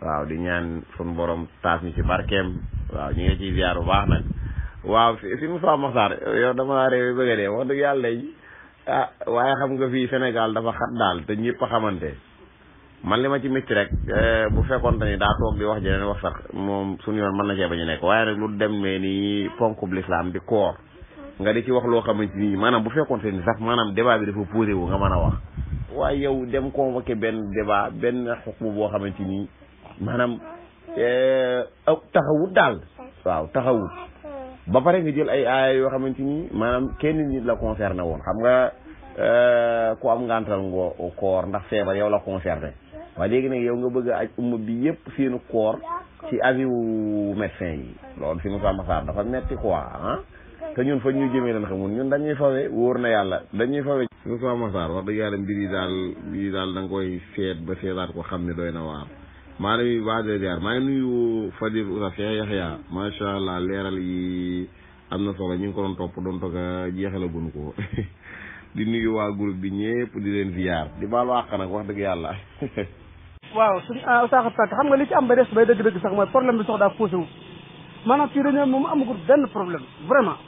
waaw di ñaan suñ borom taas mi ci barkeem waaw ñu ngi ciy ziar bu baax nag waaw si Moussa Mokhtar yow dama laa réew yi bëgg a dee wax dëgg yàlla yi ah waaye xam nga fii senegal dafa xat daal te ñëpp a xamante man li ma ci métti rek eh, bu fekkoon te ni daa toog di wax jeneen wax sax moom suñu yoon mën na cee a ñu nekk waaye nag lu dem ne nii ponkub lislaam di koor nga di ci wax loo xamante nii maanaam bu fekkoon te ni sax maanaam débat bi dafa posé wu nga mën a wax waaye dem convoqué benn débat benn boo xamante ni maanaam eh, taxawut daal waaw taxawut ba pare nga jël ay aaya yoo xamante ni maanaam kenn nit la concerné woon xam nga eh, ku am ngantal ngoo koor ndax feebar yow la concerné waaye léegi nag yow nga bëgg a aj umma bi yëpp seenu koor ci avis wu médecin yi loolu si Moussa Massar dafa metti quoi ah te ñun fa ñu jëmee leen xamul ñun dañuy fawe wóor na yàlla dañuy fawe Moussa Massar wax dëgg yàlla mbir yi daal mbir daal da koy seet ba seetaat ko xam ne doy na waar maa ngi lay waajal jaar maa ngi nuyu Fadil Ousseyn Yaxya macha allah leeral yi am na solo ñu ngi ko doon topp doon toog a jeexalaguñu ko di nuyu waa groupe bi ñëpp di leen ziar di baalu àq nag wax dëgg yàlla. waaw suñu ah, Oustaz Pathé xam nga li ci am ba des bay dëgg-dëgg sax mooy problème bi sax daa posé wu maanaam fii dañoo moom amagul benn problème vraiment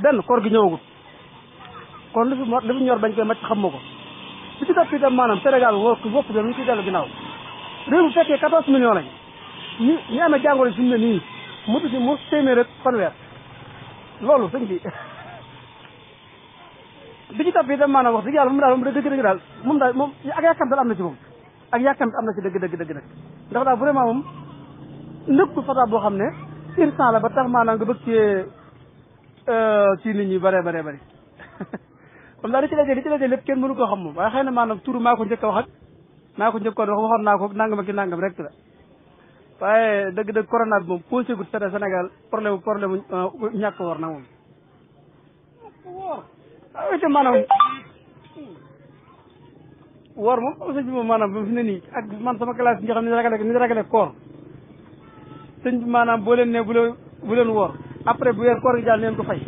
benn koor gi ñëwagul kon li fi ñor bañ koy màcc xam ma ko li ci topp itam maanaam Sénégal wokk wokk bi ñu ginnaaw. réew bu fekkee quatorze millions lañ ñu ñu amee jàngoro fi mu la nii mu si mu téeméer ak fanweer loolu sëñ bi bi ci topp itam wax dëgg yàlla moom daal moom dëgg-dëgg daal moom daal moom ak na ci moom ak am na ci dëgg dëgg dëgg nag ndax daal vraiment moom nëkku boo xam ne instant la ba tax maanaam nga bëgg cee ci euh, nit ñi bëree bëree bëri moom daal li ci la jël li ci la jël lépp kenn mënu koo xam moom waaye xëy na maanaam turu maa njëkk a wax naa ko njëkkoon wax waxoon naa ko nangam ak nangam rek la waaye dëgg-dëgg corona bi moom posé gu seta Sénégal problème problème euh, woor na moom woor ah, te maanaam woor moom sëñ bi moom maanaam nii ak man sama classe bi nga xam ne ragale ni ragale koor sëñ bi maanaam boo leen ne bu leen bu woor après bu weer koor gi daal neen ko fay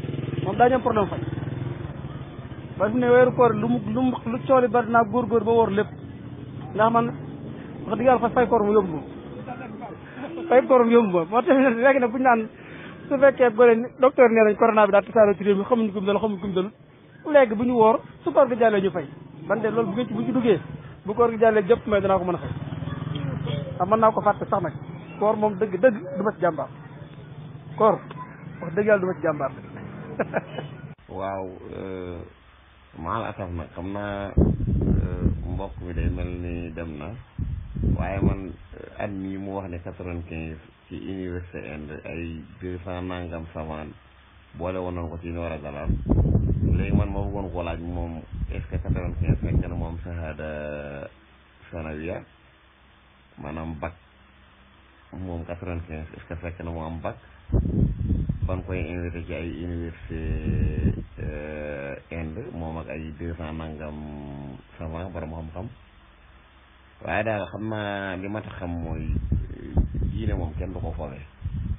moom daañu am problème fay ba fi ne koor lu mu lu mu lu cooli bari naa góorgóor ba woor lépp ndax man wax dëgg yàlla fa fay koor mu yóbbu ma fay koor mu yóbbu ma moo tax léegi nag bu ñu naan su fekkee gore docteur nee nañ corona bi daal tasaaroo ci réew mi xamuñu kum dal xamuñu kum dal lekk bu ñu woor su koor gi jàllee ñu fay man de loolu bu ci bu ñu duggee bu koor gi jàllee jëpp may danaa ko mën a fay ah man naa ko fàtte sax nag koor moom dëgg dëgg du ma ci jàmbaar koor wax dëgg yàlla du ma ci jàmbaar waaw euh, maa la asaf nag xam naa Euh, mbokk mi day mel ni dem na waaye man euh, at mii mu wax ne quatre-vingt-quinze ci université Inde ay deux cent nangam savant boole woon na ko ci ñu war a dalal léegi man ma bëggoon koo laaj moom est-ce que quatre-vingt-quinze fekk na moom sahaada sanawiya maanaam bac moom quatre-vingt-quinze est na mu am bac ban koy invité ci ay université euh, Inde moom ak ay deux cent nangam sama borom xam-xam waaye daal xam naa li ma tax xam mooy diine moom kenn du ko fowe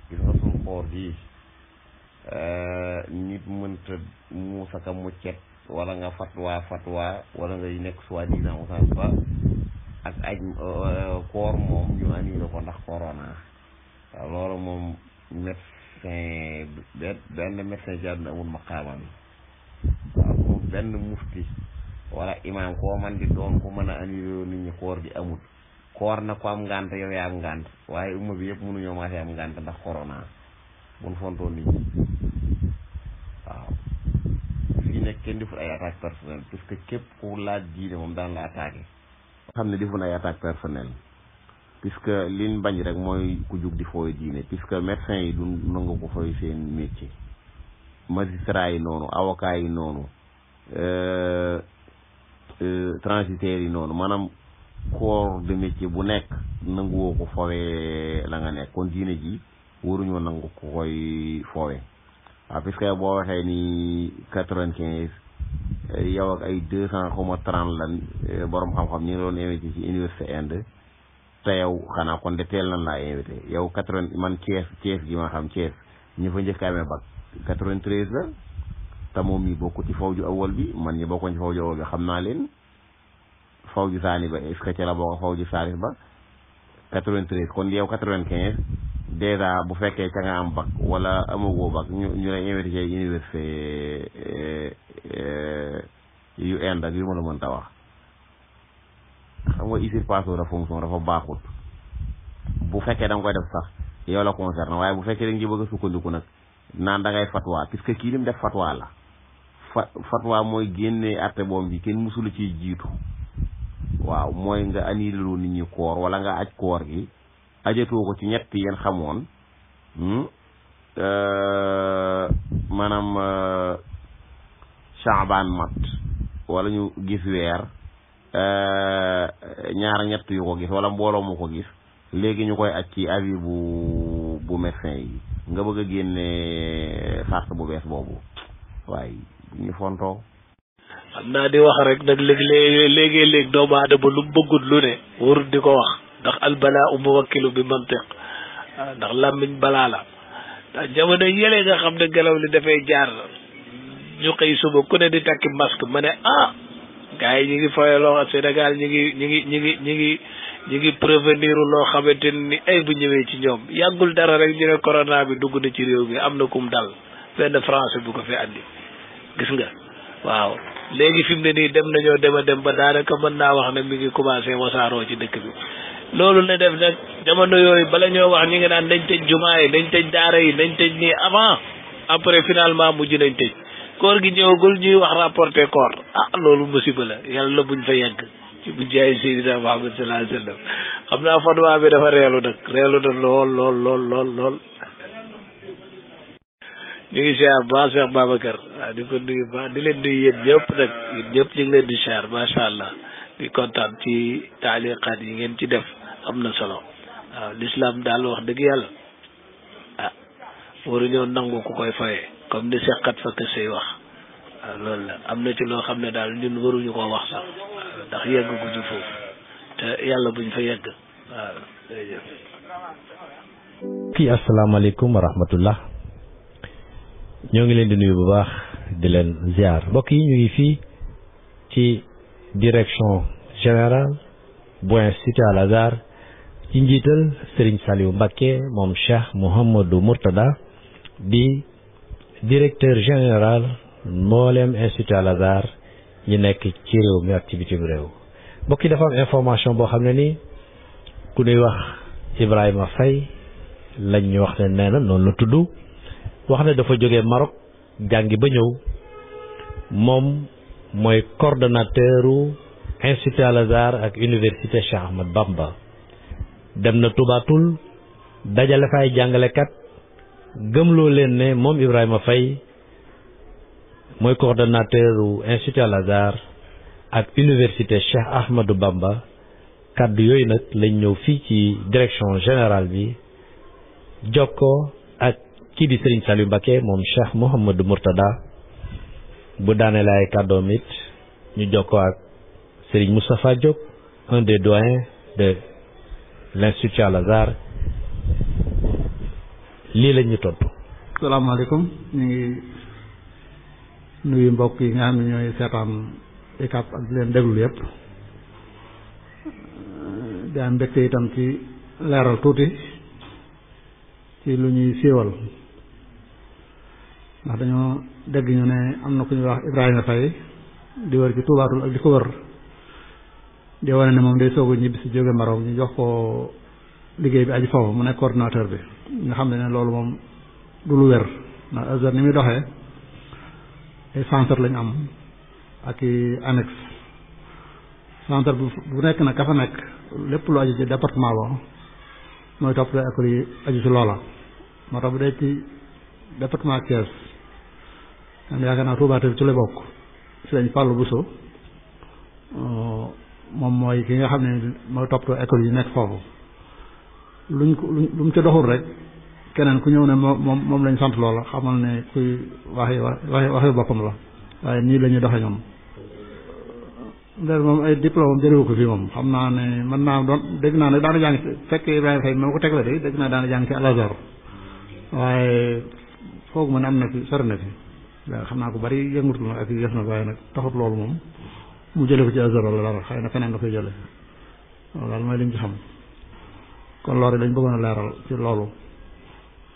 gis nga suñ xoor gi eh, nit mënta muusaka muccet wala nga fatwa fatwa wala ngay nekk soit disant ousag fa ak aj eh, koor moom ñu annulé ko ndax corona waaw loolu moom médecin benn médecin ci àdduna amul maqaamam waaw moom benn mufti wala imaam koo man di doon ku mën a annulé nit ñi koor gi amul koor na ko am ngànt yow yaa am ngànt waaye umma bi yëpp mënuñoo maasee am ngànt ndax corona mun fontoon nit ñi waaw fii nekk kenn deful ay attaque personnelle parce que képp ku laaj diine moom daan la attaqué mooy ku jug di fooy diine puisque médecin yi du nangu ko fooy seen métier magistrat yi noonu avocat noonu euh, Euh, transitaires yi noonu maanaam corps de métier bu nekk nanguwoo ko fowee la nga nekk kon diine ji waruñoo nangu ko koy fowee waaw puisque boo waxee ni quatre-vingt-quinze eh, yow ak ay deux cent xaw ma trente lan eh, borom xam-xam ñu ngi doon université Inde te yow xanaa kon de teel lan laa invité yow quatre-vingt man Thiès Thiès gi ma xam Thiès ñu fa njëkk a quatre-vingt-treize la te moom yi bokk ci fawju awal bi man ñi bokkoon ci fawju awal bi xam naa leen fawju saani ba est-ce que ca la bokk fawju saalis ba 93 kon yow 95 déjà bu fekkee ca nga am bac wala amagoo bac ñu ñu lay invité université eh, eh, yu Inde ak yu ma la mën ta wax xam nga usurpation de fonction dafa baaxut bu fekkee da nga koy def sax yow la concerne waaye bu fekkee da nga ci bëgg a sukkandiku nag naan da ngay fatwa puisque kii lim def fatwa fa fatwa mooy génne atte boom bi kenn musula ci jiitu waaw mooy nga annulé nit ñi koor wala nga aj koor gi ajatoo ko ci ñett yeen xamoon hmm? euh, maanaam euh, Saabaan mat wala ñu gis weer euh, ñaar ñett yu ko gis wala mbooloo mu ko gis léegi ñu koy aj ci avis bu bu médecin yi nga bëgg a génne charte bu bees boobu waaye ñu fontoo xam naa di wax rek nag léegi léegi léegi doomu aadama lu bëggut lu ne warut di ko wax ndax albalaa u muwakkilu bi mantiq ndax làmmiñ balaa la ndax jamono yële nga xam ne ngelaw li dafay jaar ñu xëy suba ku ne di takki masque ma ne ah gars yi ñu ngi fooye loo Sénégal ñu ngi ñu ngi ñu ngi ñu ngi ñu ngi prévenir loo xamante ni ay bu ñëwee ci ñoom yàggul dara rek ñu ne corona bi dugg na ci réew mi am na kum dal benn français bu ko fi andi gis nga waaw léegi fi mu ne nii dem nañoo dem a dem ba daanaka mën naa wax ne mi ngi commencé wasaaroo ci dëkk bi loolu na def nag jamono yooyu bala ñoo wax ñi nga naan nañ tëj jumaa yi nañ tëj daara yi nañ tëj nii avant après finalement mujj nañ tëj koor gi ñëwagul ñuy wax rapporté koor ah loolu musiba la yàlla buñ fa yenk ci bu jaay Seydina Muhammad sallallahu alayhi wa sallam xam naa fondement bi dafa reelu nag reelu nag lool lool lool lool lool ñu ngi siyaar baax Cheikh waaw di ko nuyu baax di leen nuyu yéen ñëpp nag yéen ñëpp ñu ngi leen di siyaar macha allah di kontaan ci taaliqaat yi ngeen ci def am na solo waaw lislaam daal wax dëgg yàlla ah waruñoo nangu ku koy fayee comme ni seqat fa kësey wax waaw loolu la am na ci loo xam ne daal ñun waruñu ko wax sax ndax yegg gu ci foofu te yàlla buñ fa yegg waaw jërëjëf kii asalaamaaleykum wa rahmatullah ñoo ngi leen di nuyu bu baax di leen ziar mbokk yi ñu ngi fii ci direction générale bu Institut Al Azhar ci njiital Serigne Saliou Mbacké moom Cheikh Mouhamadou Mourtada di directeur général mboolem Institut Al Azhar ñi nekk ci réew mi ak réew mbokk yi dafa information boo xam ne ni ku ñuy wax Ibrahima Faye lañ ñu wax ne nee na noonu la tudd wax ne dafa jóge Maroc jàngi ba ñëw moom mooy coordonnateuru institut Al Azhar ak université Cheikh Ahmad Bamba dem na tubaatul dajale fay jàngalekat gëmloo leen ne moom Ibrahima Faye mooy coordonnateuru institut Al Azhar ak université Cheikh Ahmadou Bamba kàddu yooyu nag lañ ñëw fii ci direction générale bi jokkoo ak kii di Serigne Saliou Mbacké moom Cheikh Mouhamadou Mourtada bu daaneel ay kàddoom it ñu jokkoo ak Serigne Moustapha Diop un des doyens de l'Institut Al-Azhar lii lañ ñu tontu. salaamaaleykum ñu ngi nuyu mbokk yi nga xam ñooy seetaan ICAP ak leen déglu yëpp di am itam ci leeral tuuti ci lu ñuy siiwal. ndax dañoo dégg ñu ne am na ku ñuy wax Ibrahima Faye di wër ci tuubaatul ak di ko wër di wane ne moom de soogu ñibbi si jóge Maroc mu jox koo liggéey bi aji foofu mu nekk coordinateur bi nga xam ne ne loolu moom du lu wér ndax Azhar ni muy doxee ay centre lañu am ak i annexe centre bu nekk nag ka fa nekk lépp lu aju ci département ba mooy toppatoo école yi aju ci loola moo tax bu dee ci département Thiès am yaakaar naa Touba ci lay bokk sëriñ bu Bousso moom mooy ki nga xam ne mooy toppatoo école yi nekk foofu luñ ko luñ lu mu ca doxul rek keneen ku ñëw ne moom moom lañ sant la xamal ne kuy waxi waxi waxi boppam la waaye nii la doxe ñoom ndel moom ay diplôme jëriwu ko fii moom xam naa ne mën naa doon dégg naa ne daana jàng fekk Ibrahima Faye moo ko tegle de dégg naa daana jàng ci Al Azhar waaye foog mën am na fi sori na fi xam naa ko bari yëngatu na ak yëf na waaye nag taxut loolu moom mu jële ko ci azar wala dara xëy na feneen la koy jële loolu daal mooy liñ ci xam kon loolu dañ bëggoon a leeral ci loolu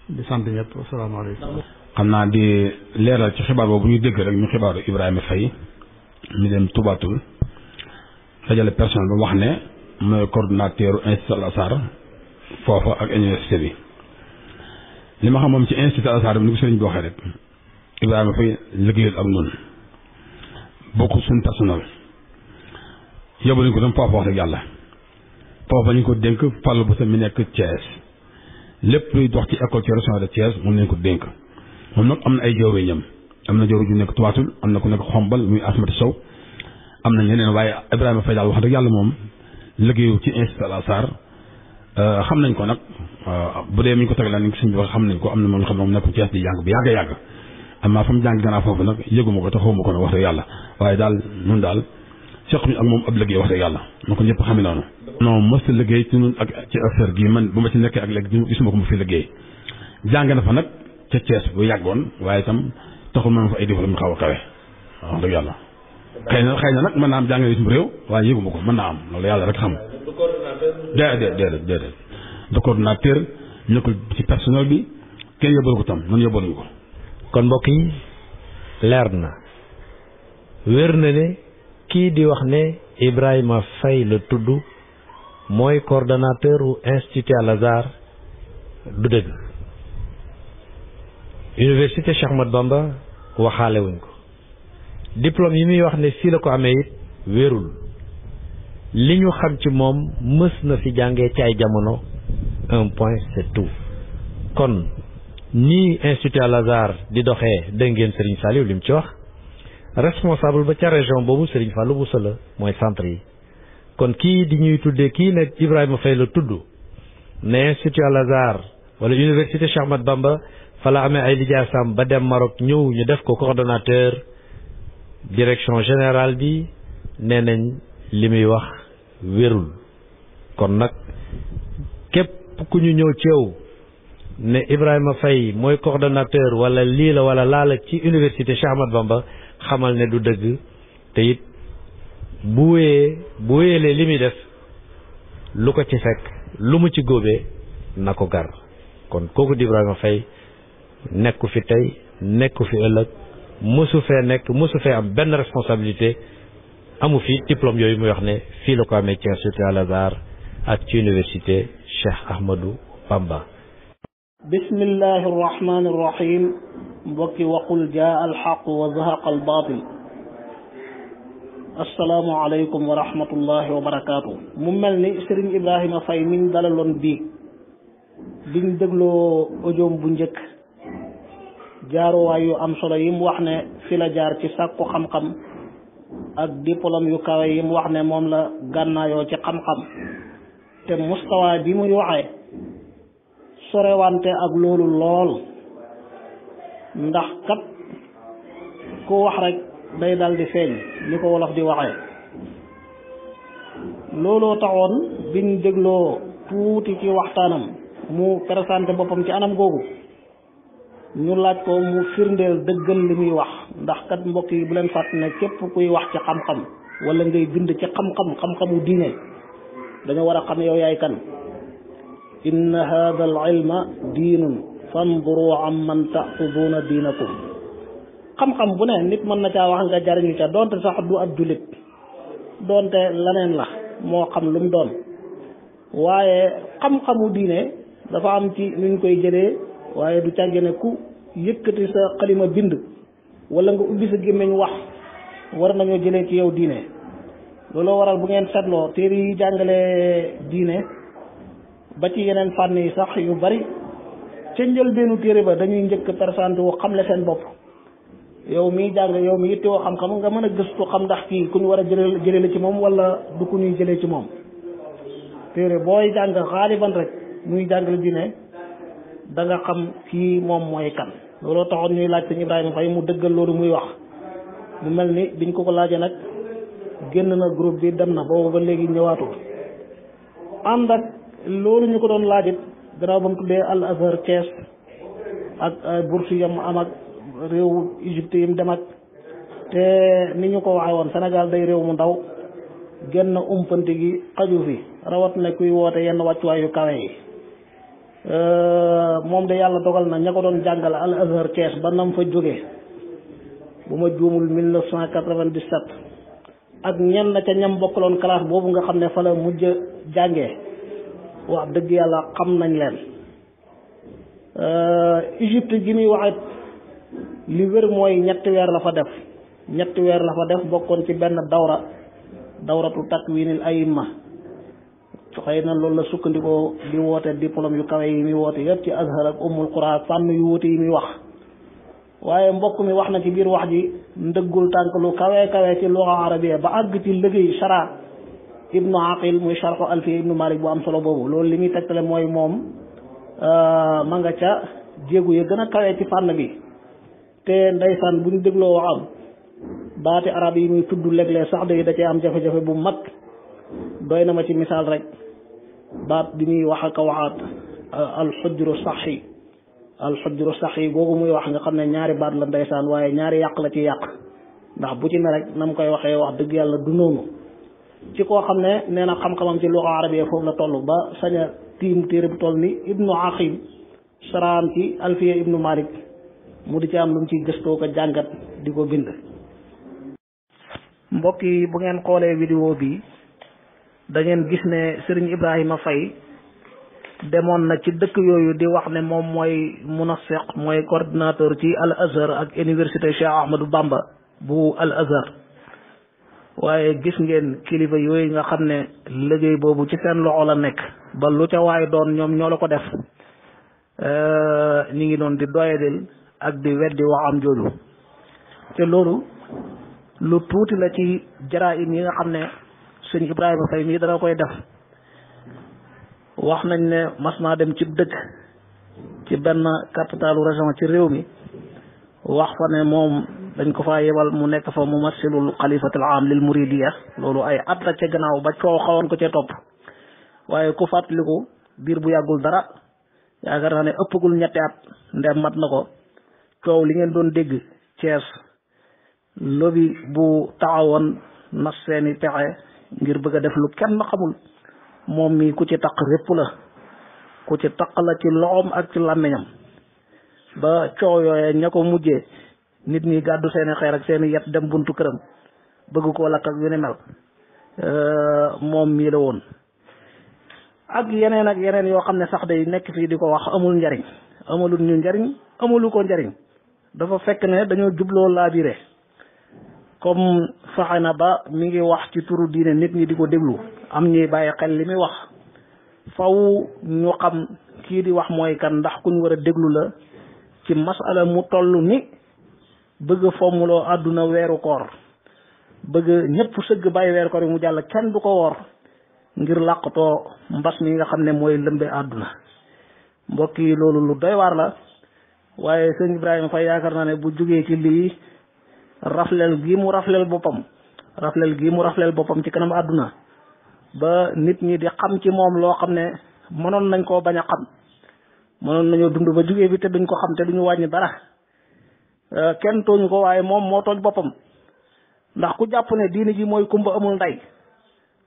di sant ñëpp asalaamaaleykum xam naa di leeral ci xibaar boobu ñu dégg rek ñu xibaaru Ibrahima Faye mi dem tubaatul dajale personnel ba wax ne mooy coordonnateur institut Al foofa ak université bi li ma xam moom ci institut Al Azhar bi ni ko sëriñ bi waxee Ibrahima Faye liggéeyal ak noonu bokk suñ personnel yóbbu nañ ko tam foofu wax dëgg yàlla foofu ñu ko dénk bu Boussa mu nekk Thiès lépp luy dox ci école ci région de Thiès moom lañ ko dénk moom nag am na ay jaww ñam am na jaww ju nekk Tuwaatul am na ku nekk Xombal muy Asmati Sow am na neen waaye Ibrahima Faye daal wax dëgg yàlla moom liggéeyu ci institut Al Azhar euh, xam nañ ko nag euh, bu dee mi ñu ko teg laa ni suñ bi xam nañ ko am na moom xam di yàgg bi yàgg yàgg am naa fa mu jàng gannaaw foofu nag yëguma ko te xawma ko nag wax dëgg yàlla waaye daal nun daal sequñu ak moom ab liggéey wax yàlla na ko ñëpp xame noonu non mësta liggéey ci nun ak ci affaire gi man bu ma ci nekkee ak léegi gisuma ko mu fi liggéey jàng na fa nag ca Thiès bu yàggoon waaye itam taxul ma fa ay diplôme mu xaw a kawe wax dëgg yàlla xëy na xëy na nag mën naa am jàng na suñu réew waaye yëguma ko mën naa am loolu yàlla rek xam déedéet déedéet déedéet de coordonnateur nekkul ci personnel bi kenn ko kon mbokk yi leer na wér na ne kii di wax ne Ibrahima Faye la tudd mooy coordonnateur u institut Al Azhar du dëgg université Cheikh Bamba waxaale ko diplôme yi muy wax ne fii la ko amee it wérul li ñu xam ci moom mës na fi jànge ci ay jamono un kon nii institut Al Azhar di doxe dégg ngeen Serigne Saliou li mu ci wax responsable ba ca région boobu Serigne Fallou Bousso la mooy centre yi kon kii di ñuy tuddee kii nag Ibrahima Faye la tudd ne institut Al Azhar wala université Cheikh Ahmad Bamba fa la amee ay lijaasam ba dem Maroc ñëw ñu def ko coordonnateur direction générale bi nee nañ li muy wax wérul kon nag képp ku ñu ñëw ci yow ne Ibrahima Faye mooy coordonnateur wala lii la wala laa la ci université Cheikh Ahmad Bamba xamal ne du dëgg te it bu wéyee bu wéyelee li muy def lu ko ci fekk lu mu ci góobee na ko gar kon kooku di Ibrahima Faye nekku fi tey nekku fi ëllëg mësu fee nekk mësu fee am benn responsabilité amu fi diplôme yooyu muy wax ne fii la ko amee ci Institut Al ak ci université Cheikh Ahmadou Bamba bismillahi arrahmani irrahim mbokki waqul jaa wa zahaqa albaatil asalaamu aleykum wa wa barakaatu mu mel ni Serigne Ibrahima Faye miñ dalaloon bii biñ dégloo ojoom bu njëkk jaaruwaay yu am solo yi mu wax ne fi la jaar ci sàkku xam-xam ak diplôme yu kawe wax ne moom la gànnaayoo ci xam-xam te mustawa bi muy waxee sorewante ak loolu lool ndax kat ku wax rek day dal di feeñ ni ko wolof di waxee looloo taxoon biñ dégloo tuuti ci waxtaanam mu présenté boppam ci anam googu ñu laaj ko mu firndeel dëggal li muy wax ndax kat mbokk yi bu leen fàtt ne képp kuy wax ci xam-xam wala ngay bind ci xam-xam xam-xamu diine dañoo war a xam yow yaay kan inna hada al am man fanduru amman taxfiduuna diinakum xam-xam bu ne nit mën na caa wax nga jariñu ca donte sax du ab jullit donte laneen la moo xam lu mu doon waaye xam-xamu diine dafa am ci nuñ koy jële waaye du càgge ne ku yëkkati sa xalima bind wala nga ubbi sa gémmiñ wax war nañoo jëlee ci yow diine looloo waral bu ngeen seetloo téere yi jàngale diine ba ci yeneen fànn yi sax yu bari ca njëlbeenu téere ba dañuy njëkk persante wu xamle seen bopp yow miy jàng yow mi yittewoo xam-xam nga mën a gëstu xam ndax kii ku ñu war a jële jële la ci moom wala du ku ñuy jëlee ci moom téere booy jàng xaaliban rek muy jàngale diine da danga xam kii moom mooy kan looloo taxoon ñuy laaj sëñ Ibrahima Faye mu dëggal loolu muy wax mu mel ni biñ ko ko laajee nag génn na groupe bi dem na boobu ba léegi ñëwaatul ànd loolu ñu ko doon laajit gannaaw ba mu tuddee al azhar Thiès ak euh, bourse yam am ak réewu Égypte yim dem ak te ni ñu ko waxee woon Sénégal day réew mu ndaw genn umpante gi xaju fi rawat na kuy woote yenn wàccuwaay yu kawe yi euh, moom de yàlla dogal na ña ko doon jàngal al azhar Thiès ba nam fa jóge bu ma juumul 1997 ak ñenn ca ñam bokk loon classe boobu nga xam ne fa la mujj jàngee wax dëgg yàlla xam nañ leen euh, Égypte gi muy waxit li wér mooy ñetti weer la fa def ñetti weer la fa def bokkoon ci benn dawra dawratu takwinil ayimma xëy na loolu la sukkandikoo di woote diplôme yu kawe yi muy woote yëpp ci azhar ak umul qura fànn yu wuute yi muy wax waaye mbokk mi wax na ci biir wax ji ndëggul tànk lu kawe kawe ci luxa arabiya ba àgg ci liggéey shara ibnu aqil muy charxu alfiya ibnu malik bu am solo boobu loolu li muy tegtale mooy moom euh, ma nga ca jéegu ya gën a kawee ci fànn bi te ndeysaan bu ñu dégloo waxam baati arab yi muy tudd léeg-léeg sax day da cee am jafe-jafe bu mag doy na ma ci misaal rek baat bi ñuy wax ak a waxaat alxujru saxi alxujru saxi boobu muy wax nga xam ne ñaari baat la ndeysaan waaye ñaari yàq la ci yàq ndax bu ci ne rek na mu koy waxee wax dëgg yàlla du noonu ci koo xam ne nee na xam-xamam ci luxa arabiya foofu la tollu ba sañ a tiim téere bu toll ni ibnu aqim saraam ci alfiya ibnu malik mu di ci am lu mu gëstoo ko jàngat di ko bind mbokk yi bu ngeen xoolee vidéo bi da ngeen gis ne sëriñ ibrahima fay demoon na ci dëkk yooyu di wax ne moom mooy munasiq mooy coordinateur ci al azhar ak université cheikh ahmadou bàmba bu al azhar waaye gis ngeen kilifa yooyu nga xam ne liggéey boobu ci seen loxo la nekk ba lu ca waay doon ñoom ñoo la ko def euh, ñu ngi doon di doyadil ak di weddi wax am jooju te loolu lu tuuti la ci jaraayim yi nga xam ne sëñ Ibrahima Fay mii dana koy def wax nañ ne mas naa dem ci dëkk ci benn capitalu région ci réew mi wax fa ne moom dañ ko faa yebal mu nekk fa mumassilul xalifatul am lil muridiya loolu ay at la ca gannaaw ba coow xawoon ko cee topp waaye ku fàttaliku biir bu yàggul dara yaakaar naa ne ëppagul ñetti at ndem mat na ko coow li ngeen doon dégg cees lobi bu taxawoon nas seeni pexe ngir bëgg def lu kenn xamul moom mi ku ci taq répp la ku ci taq la ci loxoom ak ci làmmiñam ba coow yooyee ña ko mujjee nit ñi gàddu seeni xeer ak seeni yet dem buntu këram bëgg koo lakk ak yu ni mel euh, moom mii la woon ak yeneen ak yeneen yoo xam ne sax day nekk fii di ko wax amul njariñ amulul ñu njariñ amulu ko njariñ dafa fekk ne dañoo jubloo laabire comme fexe na ba mu ngi wax ci turu diine nit ñi di ko déglu am ñuy bàyyi xel li muy wax faw ñu xam kii di wax mooy kan ndax kuñ war a déglu la ci masala mu toll ni bëgg a fommuloo àdduna weeru koor bëgg ñëpp sëgg bàyyi weeru koor yi mu jàll kenn du ko woor ngir làqatoo mbas mi nga xam ne mooy lëmbe àdduna mbokk yi loolu lu doy waar la waaye sëñ Ibrahima Faye yaakaar naa ne bu jógee ci lii rafleel gii mu rafleel boppam rafleel gii mu rafleel boppam ci kanam àdduna ba nit ñi di xam ci moom loo xam ne mënoon nañ koo bañ a xam mënoon nañoo dund ba jugee bi te duñ ko xam te duñu wàññi dara euh, kenn tooñu ko waaye moom moo tooñ boppam ndax ku jàpp ne diine ji mooy kumba amul ndey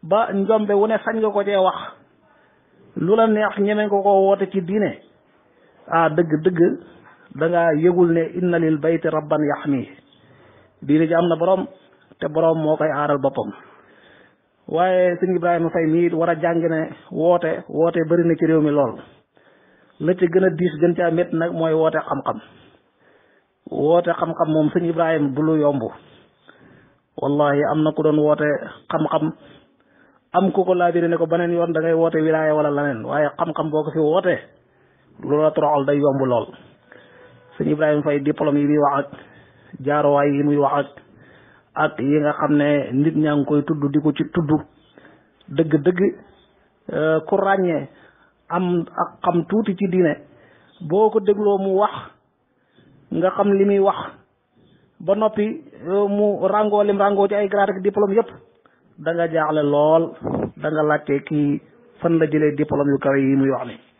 ba njombe wu ne sañ nga ko cee wax lu la neex ñeme nga ko woote ci diine ah dëgg dëgg da ngaa yëgul ne inna lil bayti rabban yaxmi diine ji am na borom te borom moo koy aaral boppam waaye sëñ Ibrahima Faye mii war a jàng ne woote woote bëri na ci réew mi lool la ca gën a diis gën caa métti nag mooy woote xam-xam woote xam-xam moom sëñ Ibrahima du lu yomb wallahi am na ku doon woote xam-xam am ku ko laabiré ne ko beneen yoon da ngay woote wilaaya wala leneen waaye xam-xam boo ko fi woote loola toroxal day yomb lool sëñ Ibrahima Faye diplôme yi nuy wax ak jaarowaay yi muy wax ak ak yi nga xam ne nit ñaa ngi koy tudd di ko ci tudd dëgg-dëgg euh, ku ràññee am ak xam tuuti ci diine boo ko dégloo mu wax nga xam li muy wax ba noppi euh, mu ràngoo lim ràngoo ci ay grade ak diplôme yëpp da nga jaaxle lool danga nga laajte fan la jëlee diplôme yu kawe yi muy wax ni